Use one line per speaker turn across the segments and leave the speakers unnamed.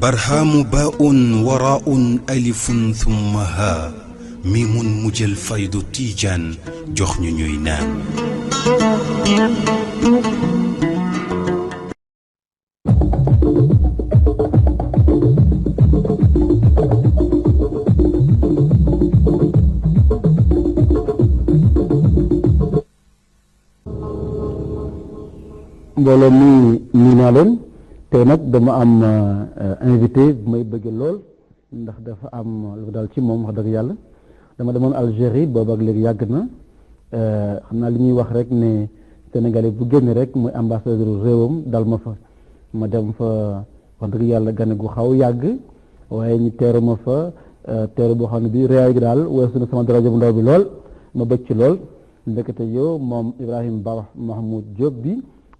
barhamu baun waraun alifun thumma ha mi mun mujjal faydu tiijaan jox ñu ñuy naan mbooloo mi nuyu naa leen tey nag dama am euh, invité bu may bëgg lool ndax dafa am lu dal ci moom wax dëgg yàlla dama demoon Algérie boobu ak léegi yàgg na euh, xam naa li ñuy wax rek ne Sénégalais bu génn rek muy ambassadeur réewam dal ma fa ma dem fa wax dëgg yàlla gane gu xaw yàgg waaye ñu teeru ma fa euh, teeru boo xam ne bii réew gi daal weesu na sama daraja bu ndaw bi lool ma bëgg ci lool ndekete yow moom Ibrahima Ba Mahmoud Diop bi.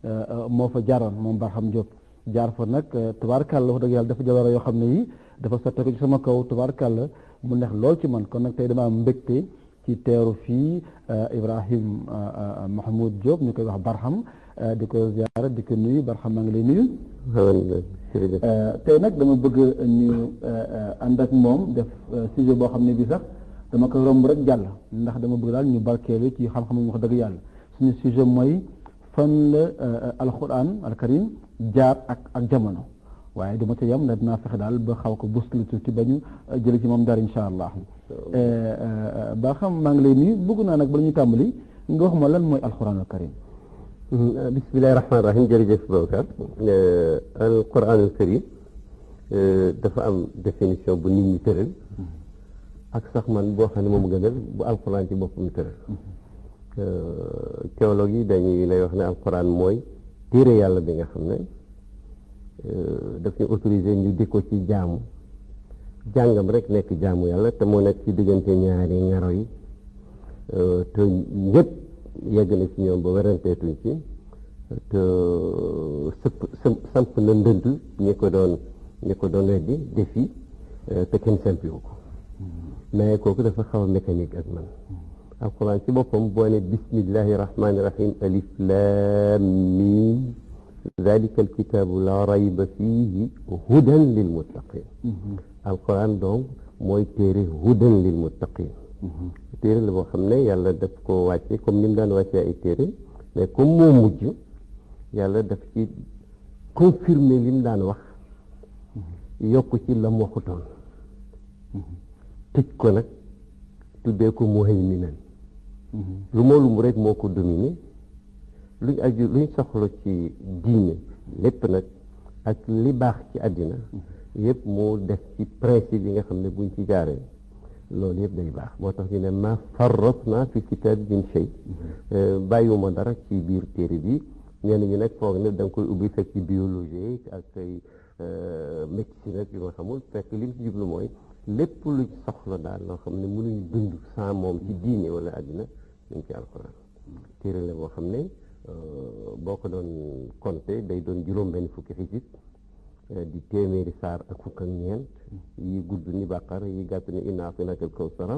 Euh, moo fa jaaroon moom Barham Diop jaar fa nag euh, tubaarkàlla wax dëgg yàlla dafa jaloore yoo xam ne yi dafa sotteeku ci sama kaw tubaarkàlla mu neex lool ci man kon nag tey dama am mbégte ci teeru fii euh, Ibrahim Mahmoud Diop ñu koy wax Barham di ko di ko nuyu Barham maa ngi lay nuyu. tey nag dama bëgg ñu ànd ak moom def sujet boo xam ne bi sax dama ko romb rek jàll ndax dama bëgg daal ñu barkeelu ci xam-xam wax dëgg yàlla suñu sujet mooy. fan la euh, alquran alkarim jaar ak ak jamono waaye dama ca yam na dinaa fexe daal ba xaw ko buskali tuuti ba ñu euh, jële ci moom dara insha allah euh, ba xam maa ngi lay nuyu bëgg naa nag bala ñuy tàmbali nga wax ma lan mooy alquran alkarim mm-hmm. bismillahi rahmaani rahim jërëjëf Babacar alquran alkarim dafa am définition bu nit ñi tëral mm-hmm. ak sax man boo xam ne moom gënal bu alquran ci boppam tëral mm-hmm. Euh, théologue yi dañuy lay wax ne alxuraan mooy téere yàlla bi nga xam ne euh, daf ñu autorisé ñu di ko ci jaamu jàngam rek nekk jaamu yàlla te moo nekk ci diggante ñaari ngaro yi euh, te ñëpp yegg na ci ñoom ba weranteetuñ ci te sëpp samp na ndënd ñi ko doon ñi ko doon weddi defi te kenn sampiwu ko hmm. mais kooku dafa xaw a mécanique ak man hmm. alquran ci boppam boo ne bismillahi rahmaani rahim alif laam miim dalika alkitaabu laa rayba fiihi hudan lil muttaqin alquran donc mooy téere hudan lil muttaqin téere la boo xam ne yàlla daf ko wàcce comme ni daan wàcce ay téere mais comme moo mujj yàlla daf ci confirmer li daan wax yokk ci lam waxutoon tëj ko nag tuddee ko muhayminan lu moolum rek moo ko dominé luñ aju luñ soxla ci diine lépp nag ak li baax ci àddina yëpp moo def ci principe yi nga xam ne buñ ci jaaree loolu yëpp day baax moo tax ñu ne ma farratna fi kitaab min shay euh, bàyyiwuma dara ci biir téere bi ñenn ñi nag foog ne da koy ubbi fekk ci biologie ak ay euh, médecine ak yu ma xamul fekk li mu ci jublu mooy lépp lu soxla daal noo xam ne mënuñ dund sans moom ci diine wala àddina nañ ci alxuraan téere la boo xam ne euh, boo ko doon compter day doon juróom benn fukki xijit euh, di téeméeri saar ak fukk ak ñeent yi gudd ni bàqar yi gàtt ni inaa finakal kawsara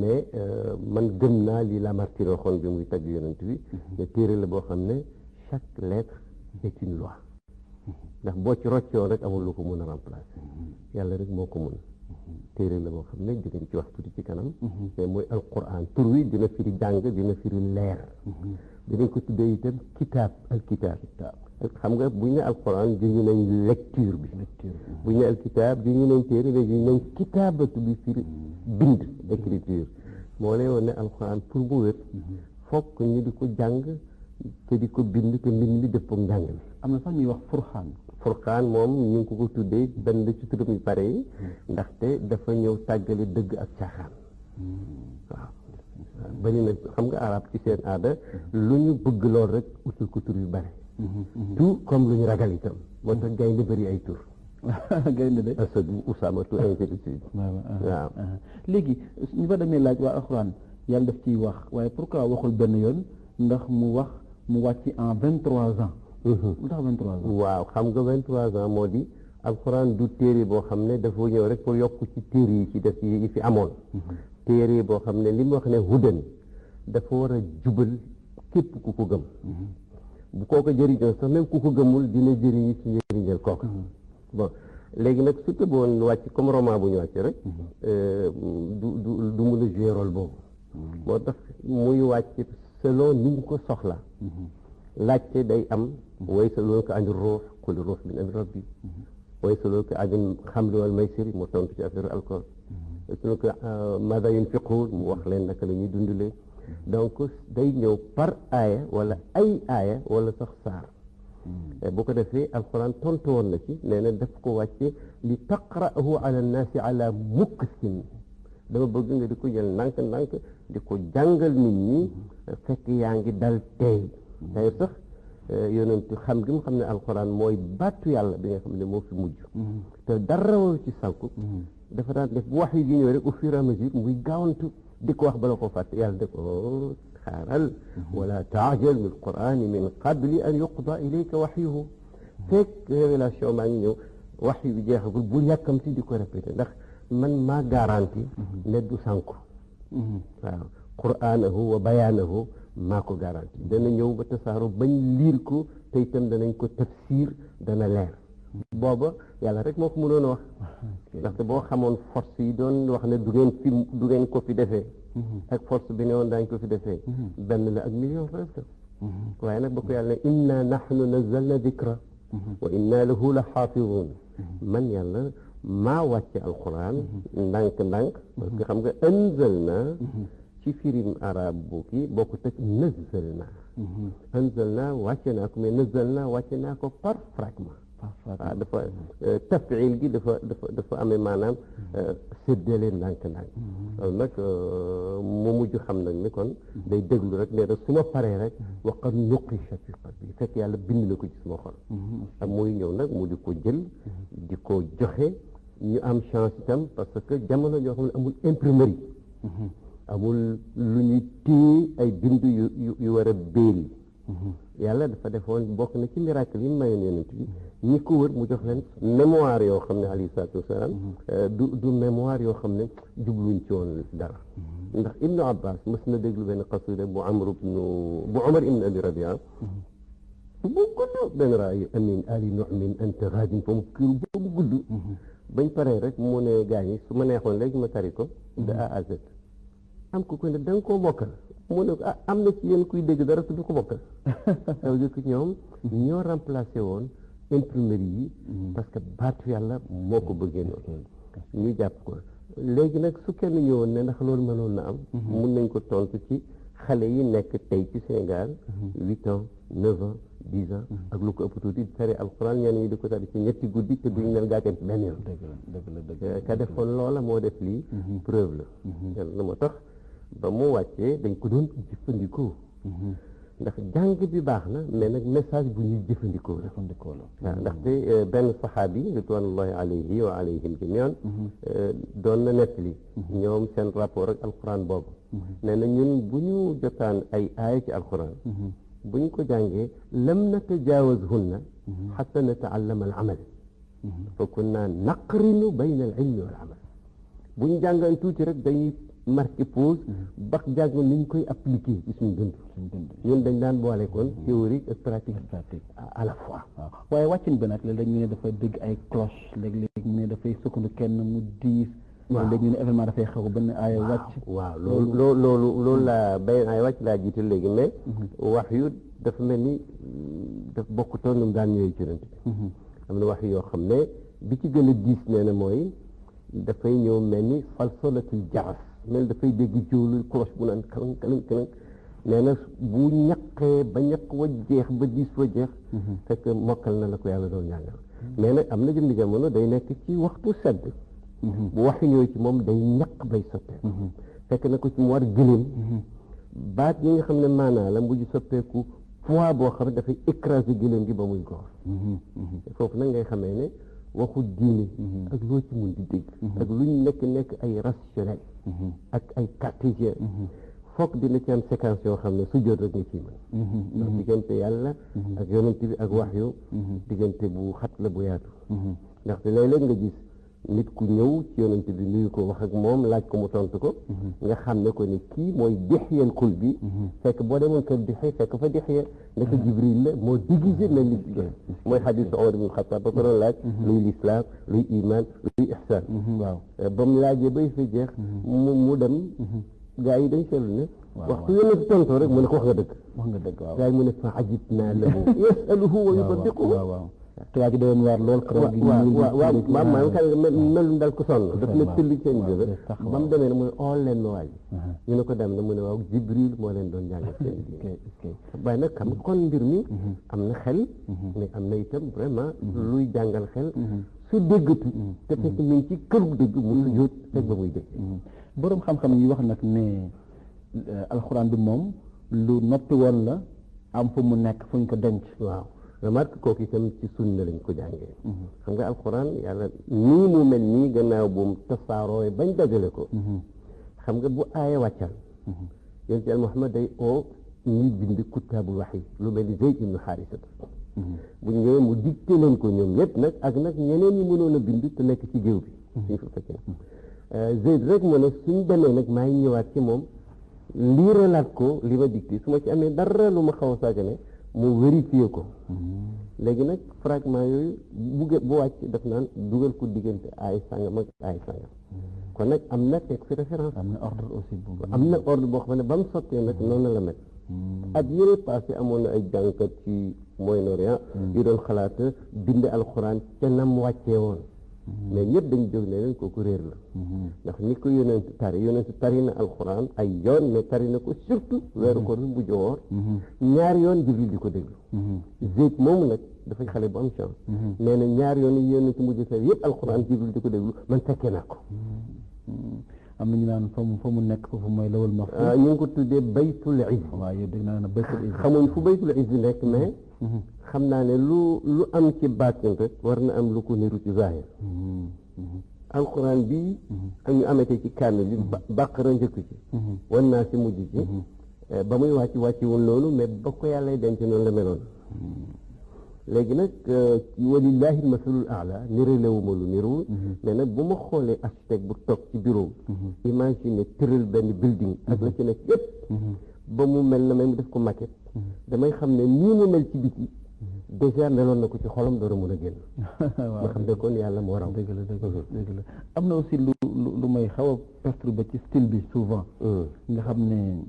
mais euh, man gëm naa li Lamartine waxoon bi muy tagg yonent bi mhm. ne téere la boo xam ne chaque lettre est une loi mhm. ndax boo ci roccoon rek amul lu ko mën a remplacer mhm. yàlla rek moo ko mën téere la boo xam ne dinañ ci wax ci kanam mhm. mooy alquran tur wi dina firi jàng dina firi leer mhm. dinañ ko tuddee itam kitaab alkitaab xam nga bu ñu ne alquran juñu bi bu ñu ne alkitaab juñu nañ téere mais juñu nañ kitaabatu bi firi bind écriture moo lay woon ne alquran pour mu wér mhm. fokk ñu di ko jàng te di ko bind te mbind mi dëppoo njàng bi am na sax ñuy wax furxaan furqaan moom ñu ngi ko ko tuddee benn ci turam yu bare yi ndaxte dafa ñëw tàggale dëgg ak caaxaan waaw bari na xam nga arab ci seen aada lu ñu bëgg lool rek utul ko tur yu bare tout comme lu ñu ragal yi itam moo tax gaynde bari ay tur gaynde de parce que usamatu incertitude waaw uh-huh. léegi ñu fa demee laaj waa alxuraan yàlla daf ciy wax waaye pour pourquoi waxul benn yoon ndax mu wax mu wàcc en vingt trois ans lu tax 23 ans. waaw xam nga 23 ans moo di alxuraan du téere boo xam ne dafoo ñëw rek pour yokk ci téere yi ci def yi fi amoon. téere boo xam ne li mu wax ne hudan dafa war a jubal képp ku ko gëm. bu kooka jëriñoo sax même ku ko gëmul dina jëriñu ci njëriñal kooka. bon léegi nag surtout boo wàcc bu ñu wàcc rek. Euh, du du du mun a jouer rôle boobu. moo tax muy soxla. laajte day am ويسألونك عن الروح كل روح من أمر ربي ويسألونك عن الخمر والميسر mu tontu ci affaire alcool يسألونك ماذا ينفقون mu wax leen naka la ñuy dundalee donc day ñëw par aaya wala ay aaya wala sax saar bu ko defee alxuraan tontu woon na ci nee na daf ko wàcce li taqra'ahu ala nnaasi ala muksin dama bëgg nga di ko jël ndànk ndànk di ko jàngal nit ñi fekk yaa ngi dal tey yonent xam gi mu xam ne alxuraan mooy battu yàlla bi nga xam ne moo fi mujj te dara waru ci sànku dafa daan def bu wax yi di ñëw rek au fur et à mesure muy gaawantu di ko wax bala ko fàtte yàlla da ko xaaral wala taajal bil qurani min qabli an yuqda ilayka waxyuhu fekk révélation maa ngi ñëw wax yi bi jeexagul bu yàkkamti di ko répété ndax man maa garanti ne du sànku mm-hmm. waaw quranahu wa bayaanahu maa ko garanti dana ñëw ba tasaaro bañ liir ko te itam danañ ko tafsir dana leer booba yàlla rek moo ko mënoon a wax ndaxte boo xamoon force yi doon wax ne du ngeen fi du ngeen ko fi defee mhm. ak force bi ne woon daañ ko fi defee mhm. benn la ak million presque mhm. waaye nag ba ko yàlla ne inna nahnu nazzalna dikra wa inna lahu la xaafidun man yàlla maa wàcce alquran ndànk ndànk parce que xam nga anzalna ci firim arab bu kii bokkut ak nëzal naa mhm. anzal naa wàcce naa ko mais nëzal naa wàcce naa ko par fragment waaw ah, dafa euh, tafil gi dafa dafa dafa amee maanaam mhm. euh, séddale ndànk-ndànk mhm. loolu nag euh, mu mujj xam nag ni kon day déglu rek nee nag su ma paree rek waqat nuqisha fi qalbi fekk yàlla bind na ko ci suma xol ak ah, muy ñëw nag mu di ko jël di ko joxe ñu am chance itam parce que jamono joo xam ne amul imprimerie amul lu ñuy téye ay bind yu yu war a béeri mhm. yàlla dafa defoon bokk na ci miracle yi mayoon yonent bi ñi ko wër mu jox leen mémoire yoo xam ne alayhi salaatu wasalaam mhm. euh, du du mémoire yoo xam ne jubluñ ci woon dara mhm. ndax ibnu abbas na déglu benn qasida bu amr ibnu bu omar ibnu abi rabia bu gudd benn raay amin ali nu'min anta gaadin fa mu kir bu gudd bañ paree rek mu ne gaañi su ma neexoon léegi ma tari ko da am ku ko ne da nga koo bokkal mu ne ah am na ci yéen kuy dégg dara du ko bokk ça veut dire que ñoom ñoo remplacé woon imprimerie yi mm. parce que baatu yàlla moo ko bëggee noonu mm. ñu jàpp ko léegi nag su kenn ñëwoon ne ndax loolu na am mm-hmm. mun nañ ko tontu ci xale yi nekk tey ci Sénégal mm-hmm. huit ans neuf ans dix ans mm-hmm. ak lu ko ëpp tuuti di tari alquran ñenn ñi di ko tari ci ñetti guddi te duñ leen gàccante benn euh, loola moo def lii preuve la moo tax ba mu wàccee dañ ko doon jëfandikoo. Mhm. ndax jàng bi baax na mais nag message bu ñuy jëfandikoo la. jëfandikoo la waaw mhm. ndaxte euh, benn saxaabi ridwanullahi alayhi wa alayhim jamian mhm. euh, doon na nettali. ñoom seen rapport ak alquran boobu. nee na ñun bu ñu jotaan ay aaya ci alquran. bu ñu ko jàngee lam natajaawazhunna xatta nata'allama al amal. fa kunna naqrinu bayna al ilmi wal amal. bu ñu jàngaan tuuti rek dañuy. marque pause ba jàngoon ni ñu koy appliquer ci suñu dund ñun dañ daan boole kon mm-hmm. théorie ak pratique pratique la fois waaye wàccin bi nag léeg dañ ñu dégg ay cloche léeg-léeg ne dafay sukkandu kenn mu diis waaw léegi ñu ne événement dafay xew ba ne ay wàcc. waaw loolu loolu loolu laa mm-hmm. bay ay wàcc laa jiite léegi mais. Mm-hmm. wax yu dafa mel ni mm, daf bokk nu mu daan ñëwee ci rënd. am na wax yoo xam ne bi ci gën a diis nee na mooy dafay ñëw mel ni falsolatul jaxas. mel dafay dégg jiw lu cloche bu naan kalang kalang kalang nee na bu ñaqee ba ñaq wa jeex ba diis wa jeex mhm. fekk mokkal na la ko yàlla doon jàngal nee na am na jëmmi jamono day nekk ci waxtu sedd mhm. bu waxi ñëw ci moom day ñaq bay sotteeku mhm. fekk na ko ci mu war gëléem baat yi nga xam ne maanaa la mujj soppeeku poids boo xam ne dafay écraser gëléem gi ba muy góor foofu nag ngay xamee ne waxu diine mhm. ak loo ci mun di dégg mhm. ak lu ñu nekk nekk ay rationnel mhm. ak ay cartésien foog di ci am séquence yoo xam ne su jot rek nga ciy mën ndax diggante yàlla ak yonent bi ak wax yu diggante bu xat la bu yaatu ndaxte léeg-léeg nga gis nit ku ñëw ci yonent bi nuyu ko wax ak moom laaj ko mu tontu ko mm-hmm. nga xam ne ko ne kii mooy dixyeen xul bi mm-hmm. fekk boo demoon kër dixe fekk fa dixe mm-hmm. naka jibril la moo déguisé mel ni jigéen mooy xadiis Omar ibn Xattaab ba ko doon laaj luy lislaam luy iman luy ihsaan waaw eh, ba mu laajee bay fa jeex mu mu dem gaa yi dañ seetlu ne waxtu yonent tontoo rek mu ne ko wax nga dëgg wax nga dëgg waaw gaa yi mu ne fa ajib naa lahu yasaluhu wa yusaddiquhu tubaab bi da leen waar lool. waaw waaw waaw waaw maa ngi xam ne dal ko sonn. daf ne tëlli seen jëf ba demee ne mu ne ool oh, leen ma waaj ñu ne ko dem na mu ne waaw jibril moo leen doon jàngal seen diine waaye nag xam kon mbir mi mhm. am na xel mhm. mais am na itam vraiment mhm. luy jàngal xel su déggatu te fekk mi ngi ci këru dëgg mu su jóot fekk ba muy dégg boroom xam-xam yi wax nag ne euh, alxuraan bi moom lu noppi woon la am fu mu nekk fu ñu ko denc waaw namaat kooku itam ci sunna lañ ko jàngee mhm. xam nga alquran yàlla nii mu mel nii gannaaw bu mu tasaaroo bañ dajale ko mhm. xam nga bu aaya wàccal yéen ci al Muhammad day oo ñuy bind kuttaabul waxyi lu mel ni Zayd ibnu Haarisa mhm. bu ñëwee mu digte leen ko ñoom ñëpp nag ak nag ñeneen ñi mënoon a bind te nekk ci géew bi suñ fa fekkee euh, Zayd rek mu ne suñ demee nag maa ngi ñëwaat ci moom lii relaat ko li ma digte su ma ci amee dara lu ma xaw a saagane mu vérifié ko léegi nag fragment yooyu bu bu wàcc daf naan dugal ko diggante ay sàngam ak ay sàngam kon nag am na teg fi référence am na ordre aussi bu am na ordre boo xam ne ba mu sottee nag noonu la mel hmm. at yële passé amoon na ay jànkat ci Moyen-Orient hmm. yu doon xalaat bind alxuraan te nam wàccee woon Mm-hmm. mais ñëpp dañu jóg ne leen ku réer la mm-hmm. ndax ni ko yonent tari yonent tari na al alxuraan ay yoon mais tari na ko surtout weeru mm-hmm. koor bi bu jowoor ñaari yoon jibril di ko déglu zeeg moom nag dafay xale bu am chance nee na ñaari yoon yi yonent mujj tari yëpp alxuraan jibril di ko déglu man fekkee naa ko am ñu naan fa mu fa mu nekk foofu mooy lawal ma ah, ñu ngi ko tuddee baytul izz waaw yow dégg naa ne baytul izz xamuñ fu baytul izz nekk mais xam naa ne lu lu am ci baatin rek war na am lu ko niru ci zahir alquran bi ak ñu amete ci kàmmi li bàqara njëkk ci wan naa si mujj eh, ba muy wàcc wàcc woon noonu mais ba ko yàlla denc noonu la meloon léegi nag eh, walillahi masalul ala niralewuma lu niruwul mais bu ma xoolee aspect bu toog ci bureau imagine tëral benn building ak la ci nekk yëpp ba mu mel na may mu def ko maquette mm-hmm. damay xam ne nii mu mel ci biti mm-hmm. déjà meloon na ko ci xolam dara mun a génn ma xam ne kon yàlla moo raw dëgg la mm-hmm. la am na aussi lu lu may xaw a perturbé ba ci style bi souvent mm. nga xam ne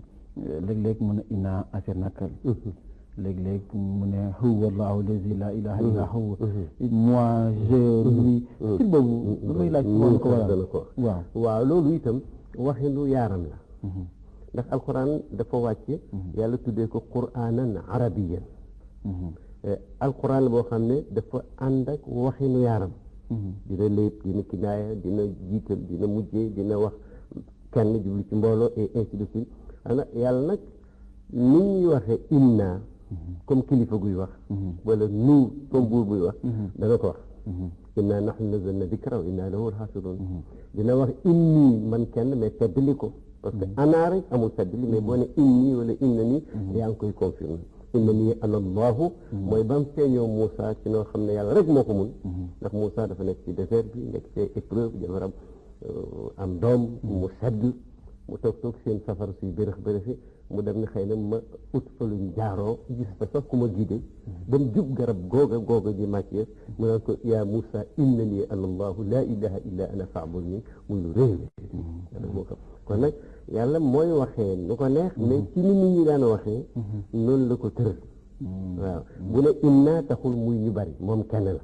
léeg-léeg mun a inaa affaire nakal léeg-léeg mu ne huwa allahu lazi la ilaha illa huwa moi je lui style boobu lu may laaj ko waaw waaw loolu itam waxinu yaaram la ndax alquran dafa wàcce mhm. yàlla tuddee ko quranan arabiyan mhm. eh, alquran boo xam ne dafa ànd ak waxinu yaaram mhm. dina lépp dina kinaaya dina jiital dina mujjee dina wax kenn jublu ci mbooloo et ainsi de suite ana yàlla nag ni ñuy waxee inna comme kilifa guy wax wala nu comme buur buy wax dana ko wax inna nahnu nazalna dikra wa inna lahu lahafidun dina wax inni man kenn mais teddali ko parce que mm-hmm. ana rek amul taddili mais boo ne inni wala inna ni mm-hmm. yaa ngi koy confirmer inna nii ana allahu mm-hmm. mooy ba mu ci noo xam ne yàlla rek moo ko mun ndax Moussa dafa nekk ci désert bi nekk ci épreuve jabaram euh, am doom mu sedd mu toog toog seen safar suy bërëx bërëxi mu dem ne xëy na ma ut fa luñ jaaroo gis fa sax ku ma giide ba mu jub garab googa googa ji matière mu naan ko yaa Moussa inna nii ana illa ana faabudni muy lu réy kon nag yàlla mooy waxee lu ko neex mais mm-hmm. ci ni nit ñi daan waxee mm-hmm. noonu la ko tëral
mm-hmm. waaw bu ne
inna taxul muy ñu bari moom kenn la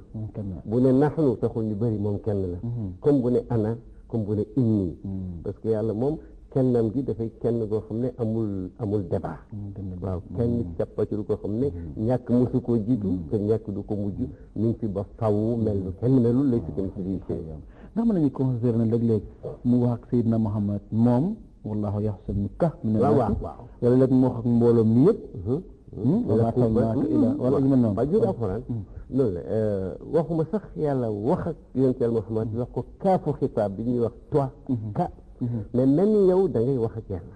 bu ne naxnu taxul ñu bari moom kenn la comme bu ne ana comme bu ne inni parce que yàlla moom kennam gi dafay kenn koo xam ne amul amul débat waaw kenn càppacul koo xam ne ñàkk mosu koo jiitu te ñàkk du ko mujj ñu ngi fi ba faw mel lu kenn melul lay si kenn si ndax mën nañu considéré ne léeg-léeg mu wax ak Seydina Muhammad moom wallahu yaxsanu ka min waaw waaw wala léeg mu wax ak mbooloo mi yëpp wala taw naaka ila wala ñu mel noonu waaw jërëjëf alxuraan loolu la euh, waxuma sax yàlla wax ak yonent yàlla Muhammad wax ko kaafu xitaab bi ñuy wax toi ka mais même yow da ngay wax ak yàlla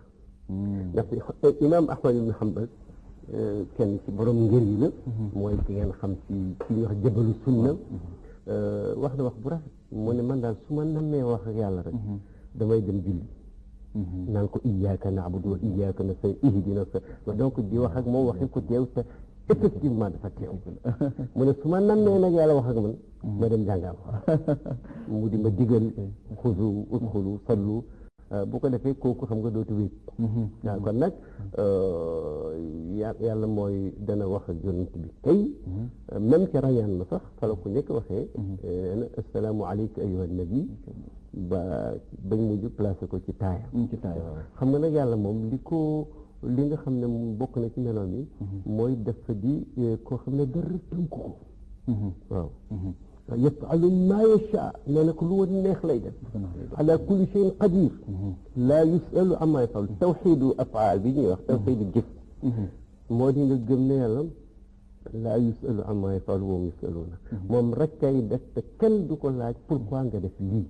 ndax eh, imaam Ahmad ibn Hanbal euh, kenn ci borom ngër yi la mooy ki ngeen xam ci ci ñuy wax sunna Euh, wax na wax bu rafet mu ne man daal su ma nammee wax ak yàlla da mhm. damay dem julli mhm. naan ko iyyaka na'budu wa iyyaka nasta'in ihdina sa donc di wax ak moom waxi ko teew te effectivement dafa teew mu ne su ma nammee nag yàlla wax ak man ma mhm. dem jàngal mu di ma digal xuzu udxulu sallu Euh, boo ko defee kooku xam nga dootu wéet mhm. waaw kon nag euh, yàlla mooy dana wax ak yonent bi tey mhm. euh, même ca rayaan la sax fala ku nekk waxee mhm. nee na asalaamu aleyka ayyuha nabi ba bañ mujj placé ko ci taaya mm, ci taaya xam nga nag yàlla moom li ko li nga xam ne bokk na ci meloom yi mooy dafa di koo xam ne dara tënku ko waaw yafalu maa yashaa nee na ko lu woon neex lay def ala kulli cheyin qadir laa yusalu amma yafalu tawxidu afaal bi ñuy wax tawxidu jëf moo di nga gëm ne yàlla laa yusalu amma yafalu moom yusaluuna moom rek kay def te kenn du ko laaj pourquoi nga def lii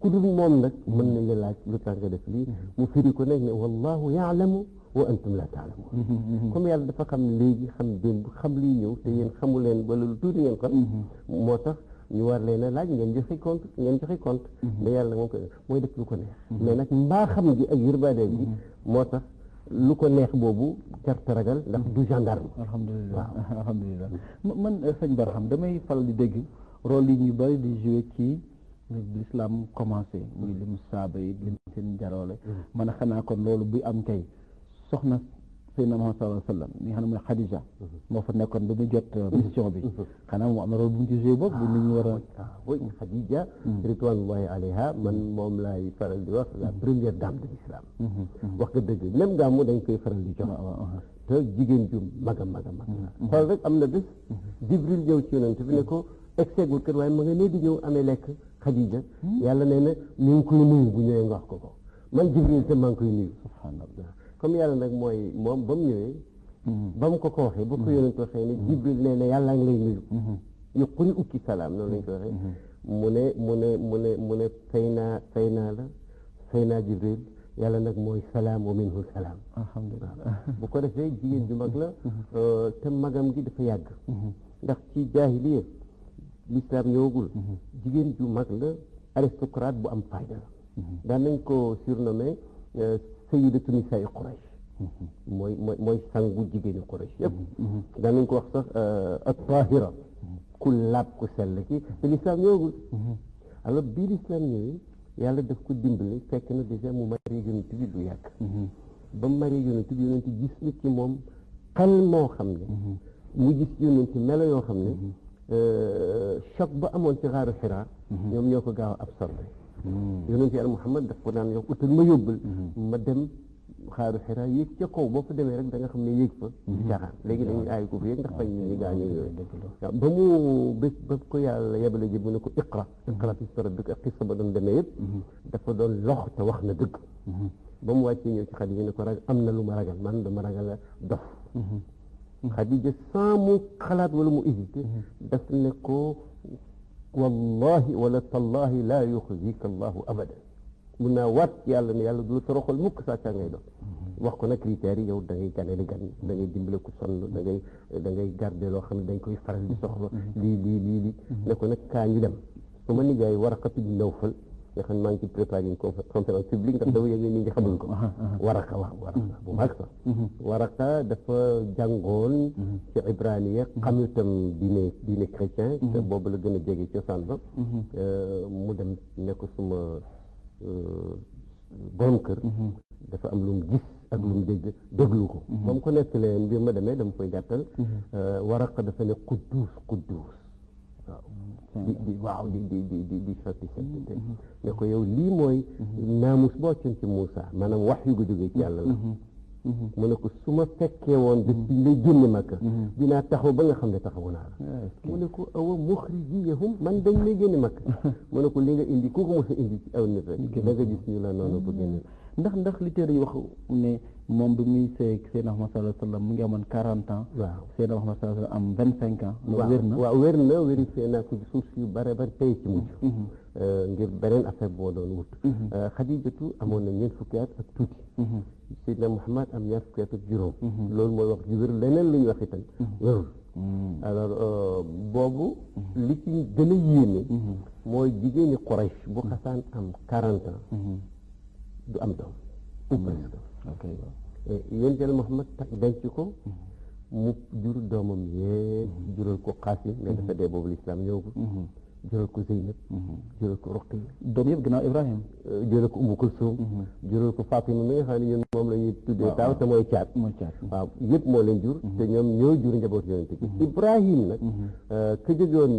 ku dul moom nag mën nañ la laaj lu tax nga def lii mu firi ko nag ne wallahu yaalamu wa antum la taalamuun comme yàlla dafa xam léegi xam démb xam lii ñëw te yéen xamu leen wala lu tuuti ngeen xam moo tax ñu war leen a laaj ngeen joxe compte ngeen joxe compte mais yàlla moo koy mooy def lu ko neex mais nag mbaaxam gi ak yërbaade gi moo tax lu ko neex boobu carte ragal ndax du gendarme alhamdulilah ma man euh, sëñ Barham damay faral di dégg rôle yi ñu bëri di joué ci l'islam commencé muy lim saaba yi lim seen jaroole mm. man a xanaa kon loolu buy am kay soxna Seydina Muhammad sallallahu alayhi wa sallam mi nga xam ne mooy Khadija mm-hmm. moo fa nekkoon ba mu jot euh, mm-hmm. mission bi mm-hmm. xanaa moom am na rôle bu mu ci joué boobu bu nit ñi war a ah, oui Khadija ridwanullahi alayha man moom laay faral di wax la première dame de l'islam wax nga dëgg même gàmmu dañ koy faral di jox te jigéen ju mag a mag a mag xool rek am na bés Jibril ñëw ci yonent bi ne ko egseegul kër waaye ma nga nee di ñëw amee lekk Khadija yàlla nee na mi koy nuyu bu ñëwee nga wax ko ko man Jibril te maa koy nuyu subhanallah comme yàlla nag mooy moom ba mu ñëwee mhm. ba mu ko ko waxee ba ko mhm. yonent waxee ne jibril nee na yàlla ngi lay nuyu yuquri mhm. ukki salaam noonu lañ ko waxee mu ne mu ne mu ne mu ne fay naa fay naa la fay naa jibril yàlla nag mooy salaam wa minhu salaam alhamdulilah bu ko defee jigéen ju mag la euh, te magam gi dafa yàgg ndax ci jaahiliya lislaam ñëwagul jigéen ju mag la aristocrate bu am fayda la daan ko surnommé euh, sayyidatun nisaa Quraysh mooy mooy mooy sangu jigéeni Quraysh yëpp daanañ ko wax sax euh, at-taahira ku laab ku sell ki te lislaam ñëwagul alors bii lislaam ñëwee yàlla def ko dimbali fekk na déjà mu mari yonent bi du yàgg ba mari yonent bi yonent gis na ci moom xel moo xam ne mu gis yonent melo yoo xam ne euh, choc ba amoon ci xaaru Xiraa ñoom ñoo ko gaaw absorbé Mm. yonent yàlla Muhammad daf ko naan yow utal ma yóbbal mm-hmm. ma dem xaaru xiraa yéeg ca kaw boo fa demee rek danga nga xam ne yéeg fa di mm-hmm. caaxaan léegi mm-hmm. ko fi yéeg ndax fañ ñu gaañoo yooyu waaw ba mu bés ba ko yàlla yebale ji la ne ko iqra iqra fi rabbika ak xis ba doon demee yëpp dafa doon lox te wax na dëgg ba mu wàccee ñëw ci Xadija ne ko rag am na lu ma ragal man dama ragal dof Xadija sans mu xalaat wala mu hésité daf ne ko wallahi wala tallahi laa yuxzika allahu abada mun naa waat yàlla ne yàlla du la toroxal mukk sàcca ngay doon wax ko nag critères yi yow da ngay ganale gan da ngay dimbale ku sonn da ngay da ngay garde loo xam ne dañ koy faral di soxla mm-hmm. lii lii lii lii mm-hmm. ne ko nag kaa ñu dem su ma nijaay waraqatu nawfal nga xam maa ngi ci préparé une conférence publique ndax dafa yëngu nit ñi xamuñ ko waraka waaw waraka mhm. bu mag sax mhm. waraka dafa jàngoon mhm. ci ibraniya xam itam diine diine chrétien te boobu la gën a jege cosaan ba euh, mu dem nekk suma euh, borom kër dafa am lu mu gis ak lu mu dégg déglu ko ba mu ko nekk leen bi ma demee dama koy gàttal euh, waraka dafa ne quddus quddus di di waaw di di di di di sotti sotti te ne ko yow lii mooy mm-hmm. naamus boo cun ci Moussa maanaam wax yu ko jógee ci yàlla la mm-hmm. Mm-hmm. mu ne ko su ma fekkee woon bés biñ lay génne Makka dinaa taxaw ba nga xam ne taxawu naa la mu ne ko awa muxrijiyahum man dañ lay génne Makka mu ne ko li nga indi kooku mos a indi ci aw nit rek da nga gis ñu la noonu bu génne ndax ndax li téere yi wax ne moom bi muy seeg Seydina Muhammad sallallahu alayhi wa sallam mu ngi amoon quarante ans. waaw Seydina Muhammad sallallahu alayhi wa sallam am vingt cinq ans. waaw wér na waaw wér na vérifié naa ko suuf si yu bare bare tey ci mujj. Mhm. Euh, ngir beneen affaire boo doon wut. Mhm. Euh, Xadijatu amoon na ñeent fukki at ak tuuti. Mhm. Seydina Muhammad am ñaar fukki at ak juróom. loolu mooy wax ju wér leneen lu ñu wax itam. wérul alors euh, boobu. li ci gën a yéeme. mooy jigéeni Quraysh bu xasaan am quarante ans. du am doom. Eh, yéen teel Muhammad tax denc ko mm-hmm. mu jur doomam yépp mm-hmm. jural ko xaasim mais dafa mm-hmm. dee boobu lislaam ñëwagul jëlee ko Zeynab mhm, jëlee ko Roqi doom yëpp ginnaaw Ibrahima euh, jëlee ko Umu Kulsum mhm. jëlee ko Fatima mi nga xam ne ñun moom la ñuy tuddee taaw te mooy caat mooy caat waaw yëpp moo leen jur mhm. te ñoom ñoo jur njaboot yonent te Ibrahima nag euh, ka jógoon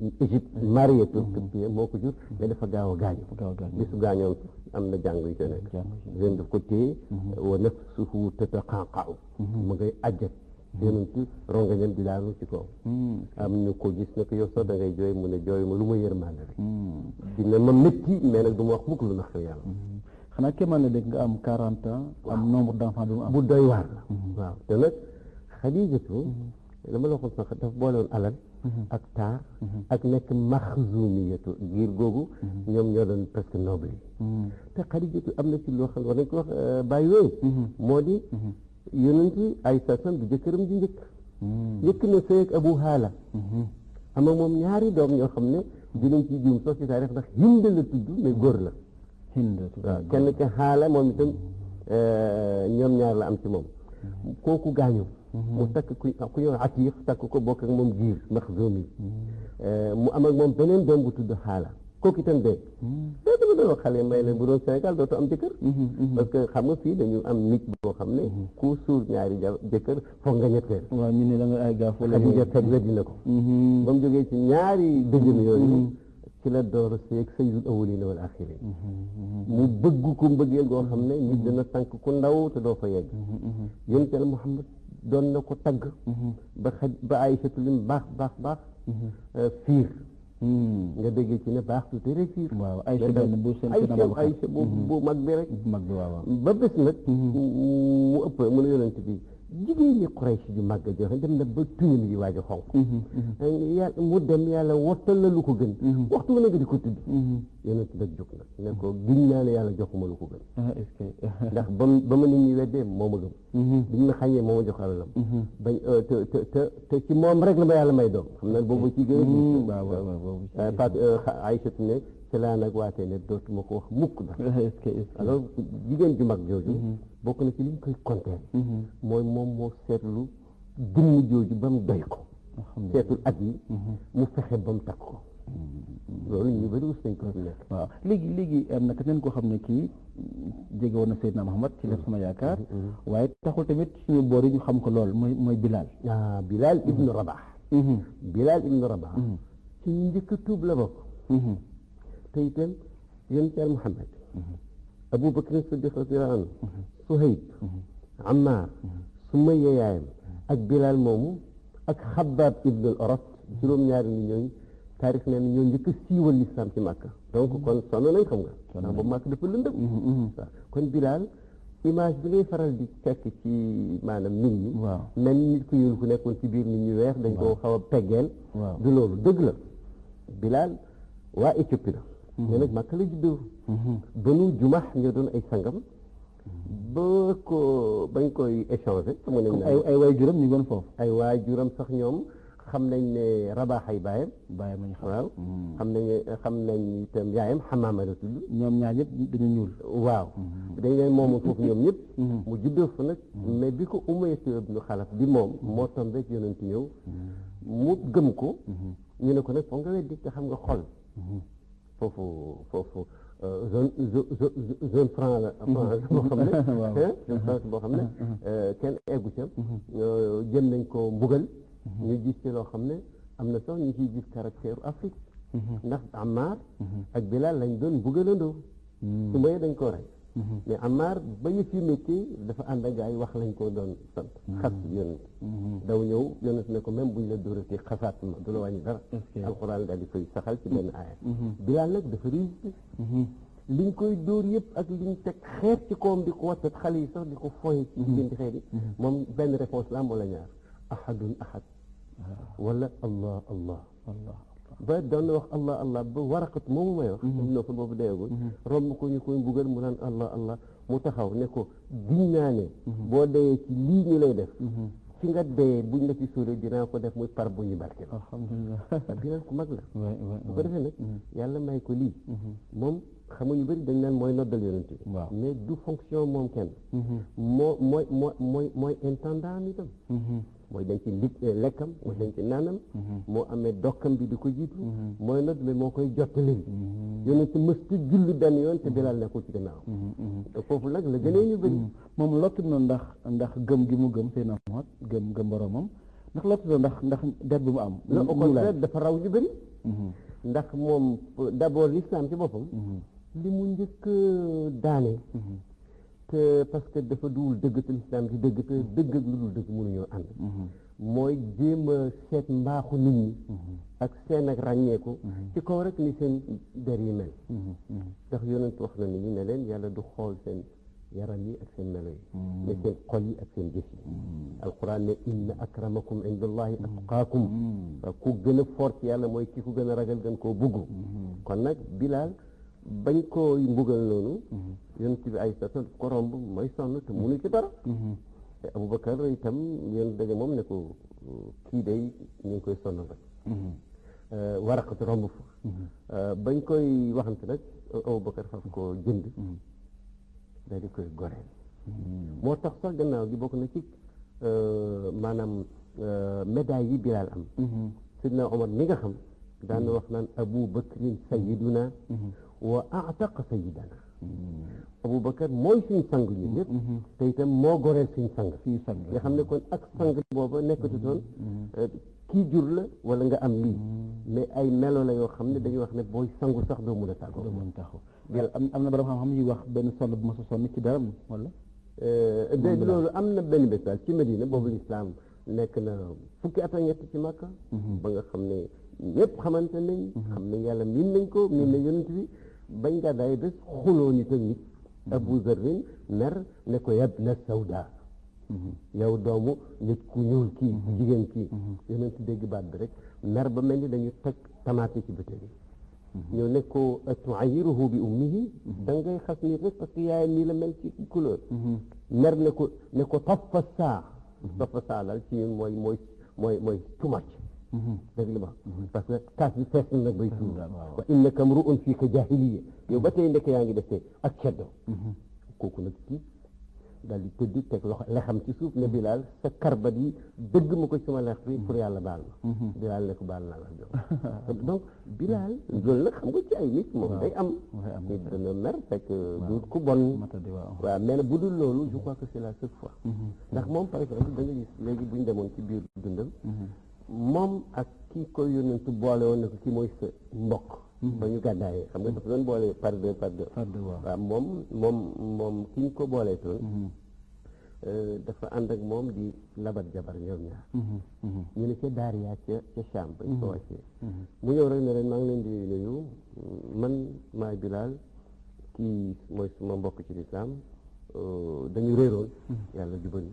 Égypte marié ko këppiye moo ko jur mais dafa gaaw a gaañu bisu gaañoon am na jàng yu ca nekk leen ko téye wa nafsuhu tataqaaqa'u ma ngay ajjat Mm. génnanti rongañam di daanu ci kaw mm. am ñu ko gis ne ko yow sax da ngay jooy mu ne jooy ma lu ma yërmande rek mm. dina ma métti mais nag du ma wax mukk lu naqari yàlla xanaa kéemaan la dégg nga am quarante ans am mm-hmm. mm-hmm. nekk maxzumiyatu giir googu mm-hmm. ñoom ñoo doon presque noble yi te xadijatu am na ci loo xam war nañ ko wax euh, bàyyi yooyu moo di yonent bi ay sasam bi jëkkëram ji njëkk hmm. njëkk na sëy abu haala hmm. ama moom ñaari doom ñoo xam ne dinañ ci juum sos ci taarix ndax hind la tudd mais góor la waaw kenn ki xaala moom itam euh, ñoom ñaar la am ci moom hmm. kooku gaañu mu takk ku ku yow atiix takk ko bokk ak moom giir maxzoomi euh, mu am ak moom beneen doom bu tudd xaala kooku itam dee da hmm. dama doon wax xale may leen bu doon Sénégal dootu am jëkkër hmm, hmm, parce que xam nga fii dañu am nit boo xam ne ku suur ñaari ja jëkkër foog nga ñetteel waaw ñu ne da nga ay gaaf wala Xadija teg la dina ko ba mu jógee ci ñaari dëjën yooyu ci la door seeg sayyidul awwalina wal axirin mu bëgg ko mbëggeel goo xam ne nit dina sànq ku ndaw te doo fa yegg yonent Yàlla Muhammad doon na ko tagg ba xaj ba Aysatu lim baax baax baax euh, fiir Hmm, nga dégg ci ne baax tuuti réussir. waaw ay si benn bu seen ay si hmm. bu mag bi rek. bu waaw ba bés nag. Hmm. mu ëpp mu ne yonent jigéen ñi Quraysh ju màgg joxe dem na ba tuñam yi waaj a xonq mhm, mhm. yàlla mu dem yàlla wottal la lu ko gën mhm. waxtu mu nekk di ko tudd yonent nag jóg na ne ko giñ naa ne yàlla joxuma lu ko gën ah, ndax ba ba ma nit ñi weddee moo ma gëm biñ ma xàññee moo ma jox alalam bañ euh, te te te te ci moom rek la ma yàlla may doom xam naa boobu ci gën a
waaw waaw waaw
euh, euh, Aïsatu ci laa nag waatee ne dootuma ko wax mukk na alors jigéen ju mag jooju mm-hmm. bokk na ci lu ñu koy compter mm-hmm. mooy moom moo seetlu jëmm jooju ba mu doy ko seetul at yi mm-hmm. mu fexe ba mu loolu ñu bëri us nañ ko am na keneen koo xam ne kii jege woon na Seydina Muhammad ci def sama yaakaar waaye taxul tamit su boor yi ñu xam ko lool mooy mooy Bilal ah Bilal ibnu Rabah Bilal ibnu njëkk tuub la bokk te itam yonent Yàlla Muhammad Abu Bakr Siddiq radiyallahu anhu Ammaar Sumayya yaayam ak Bilaal moomu ak Xabbaab ibn al-Arat juróom-ñaari ni ñooñu taarix nee na ñoo a siiwal lislaam ci Màkka donc kon sonn nañ xam nga ndax boobu Màkka dafa lëndëm mm-hmm, mm-hmm. waaw kon Bilaal image bi ngay faral di fekk ci maanaam nit ñi waaw nan nit ku ñuul ku nekkoon ci biir nit ñu weex dañ koo xaw a peggeel du loolu dëgg la Bilaal waa Éthiopie la ñoom it màkk la juddoo mhm. banu jumax nga doon ay sangam ba ko bañ koy échanger xam nga nañ ay ay waay juram ñu gën foofu ay waay juram sax ñoom xam nañ ne rabaax ay baayam baayam lañ xam waaw mhm. xam nañ xam nañ itam yaayam xamaama la tudd ñoom ñaar ñëpp dañu ñuul waaw mhm. dañ leen moomu foofu ñoom ñëpp mu juddoo fa nag mais bi ko umayatu ibnu xalaf di moom moo tombe rek yonent ñëw mu gëm ko ñu ne ko nag foog nga weddi te xam nga xol foofu foofu euh, zone zone franc la franc mhm. boo xam ne zone franc boo xam ne mhm. Mhm. Euh, kenn eggu ca euh, jëm nañ ko mbugal ñu gis ci loo xam ne am na sax ñu ciy gis caractère Afrique ndax Ammar ak Bilal lañ doon mbugalandoo su mbayee dañ ko rey Mm-hmm. mais Amar ba ñu ci métti dafa ànd ak ay wax lañ koo doon sant. Mm-hmm. xas yonent mm-hmm. daw ñëw yonent ne ko même buñ la dóoratee xasaat ma du la wàññi dara. alxuraan daal di koy saxal ci benn aaya. Bilaal nag dafa réussir. liñ koy dóor yëpp ak liñ teg xeer ci koom di ko wattat xale yi sax di ko foyee. ci diggante xeer yi. moom benn réponse la am wala ñaar ahadun ahad. Ah. wala allah allah. ba doon na wax allah allah ba waraqat moomu may wax um mhm. noppal boobu dayagul mhm. romb ko ñu koy mbugal mu naan allah allah mu taxaw ne ko giñ naa ne mhm. boo dayee ci lii ñu lay def ci nga dee buñ la ci suulee dinaa ko def muy par bu ñu barke la alhamdulilah ku mag la bu ko defee nag yàlla may ko lii moom xamuñu bëri dañ naan mooy noddal yonent bi mais du fonction moom kenn moo mooy mooy mooy mooy intendant itam mooy dañ ci lig eh, lekkam mooy dañ ci naanam mm-hmm. moo amee dokkam bi di ko jiitu mm-hmm. mooy nag bi moo koy jottali mm-hmm. yonent mësta julli benn yoon te Bilaal nekkul ci gannaaw te la gënee ñu bëri moom lottu na ndax ndax gëm gi mu gëm seen amat gëm gëm boromam ndax lottu ndax ndax der bi mu am la au contraire dafa raw ñu bëri ndax moom d'abord l'islam ci boppam li mu njëkk daane que parce que dafa duwul dëgg te lislaam di dëgg te dëgg ak lu dul dëgg mënuñoo ànd mhm. mooy jéem a seet mbaaxu nit ñi mhm. ak seen ak ràññeeku mhm. ci kaw rek ni seen der yi mel ndax yonent wax na nit ñi ne leen yàlla du xool seen yaram yi ak seen melo yi mais seen xol yi ak seen jëf yi alquran ne inna akramakum inda allahi atqaakum ku gën a fort yàlla mooy kii ku gën a ragal gën koo bugg kon nag bilaal bañ koy mbugal noonu mhm. yonent bi ay sasa ko romb mooy sonn te munu ci dara mhm. te Aboubacar itam yéen daje moom ne ko kii day ñu ngi koy sonal rek mhm. euh, waraqatu romb fa euh, bañ koy waxante nag Aboubacar fa ko jënd daal di koy goreel moo tax sax gannaaw gi bokk na ci euh, maanaam médaille yi Bilaal am Sidna Omar mi nga xam daan wax naan Abu Bakrin wa ataq sayidana aboubacar mooy suñ sang ñu ñëpp te itam moo goreel suñ sang nga xam ne kon ak sang booba nekkatutoon kii jur la wala nga am lii mais ay melo la yoo xam ne dañuy wax ne booy sangu sax doo mën a tàggoo doo mën a tàggoo am na borom xam-xam yu wax benn sonn ma sa sonn ci daram wala de loolu am na benn bésal ci Medina boobu lislaam nekk na fukki at ak ñett ci Màkka ba nga xam ne ñëpp xamante nañ xam ne yàlla miin nañ ko miin nañ yonent bi bañ nga day bés xuloo nit ak nit Abu Zarrin mer ne ko yab na sawda yow doomu nit ku ñuul kii jigéen kii yeneen ci dégg baat bi rek mer ba mel ni dañu teg tamaate ci bëte bi ñëw ne ko tuayiruhu bi ummihi da ngay xas nit rek parce yaay nii la mel ci couleur mer ne ko ne ko topfa saa topfa saa lal ci ñun mooy mooy mooy mooy too much dëgg la ba parce que kaas bi fees na nag bay tuur wa innaka mru'un fiika jahiliya yow ba tey ndekk yaa ngi defee ak ceddo kooku nag ci daal di tëdd teg loxo lexam ci suuf ne Bilal sa karbat yi dëgg ma ko sama lex bi pour yàlla baal ma Bilal ne ko baal naa la jox donc Bilal loolu nag xam nga ci ay nit moom day am nit dana mer fekk duut ku bon waaw mais nag bu dul loolu je crois que c'est la seule fois ndax moom par exemple da gis léegi bu ñu demoon ci biir moom ak kii ko yónnentu boole woon na ko mooy sa mbokk mm-hmm. ba ñu gàddaayee xam nga dafa doon par deux par deux moom moom moom ki ñu ko boolee toon mm-hmm. euh, dafa ànd ak moom di labat jabar ñoom ñaar mm-hmm. ñu ne ca daariya ca ca Cham ba ñu ko wàccee mu ñëw rek ne leen maa leen di nuyu man maay Bilaal kii mooy suma mbokk ci lislaam euh, dañu réeroon yàlla jubani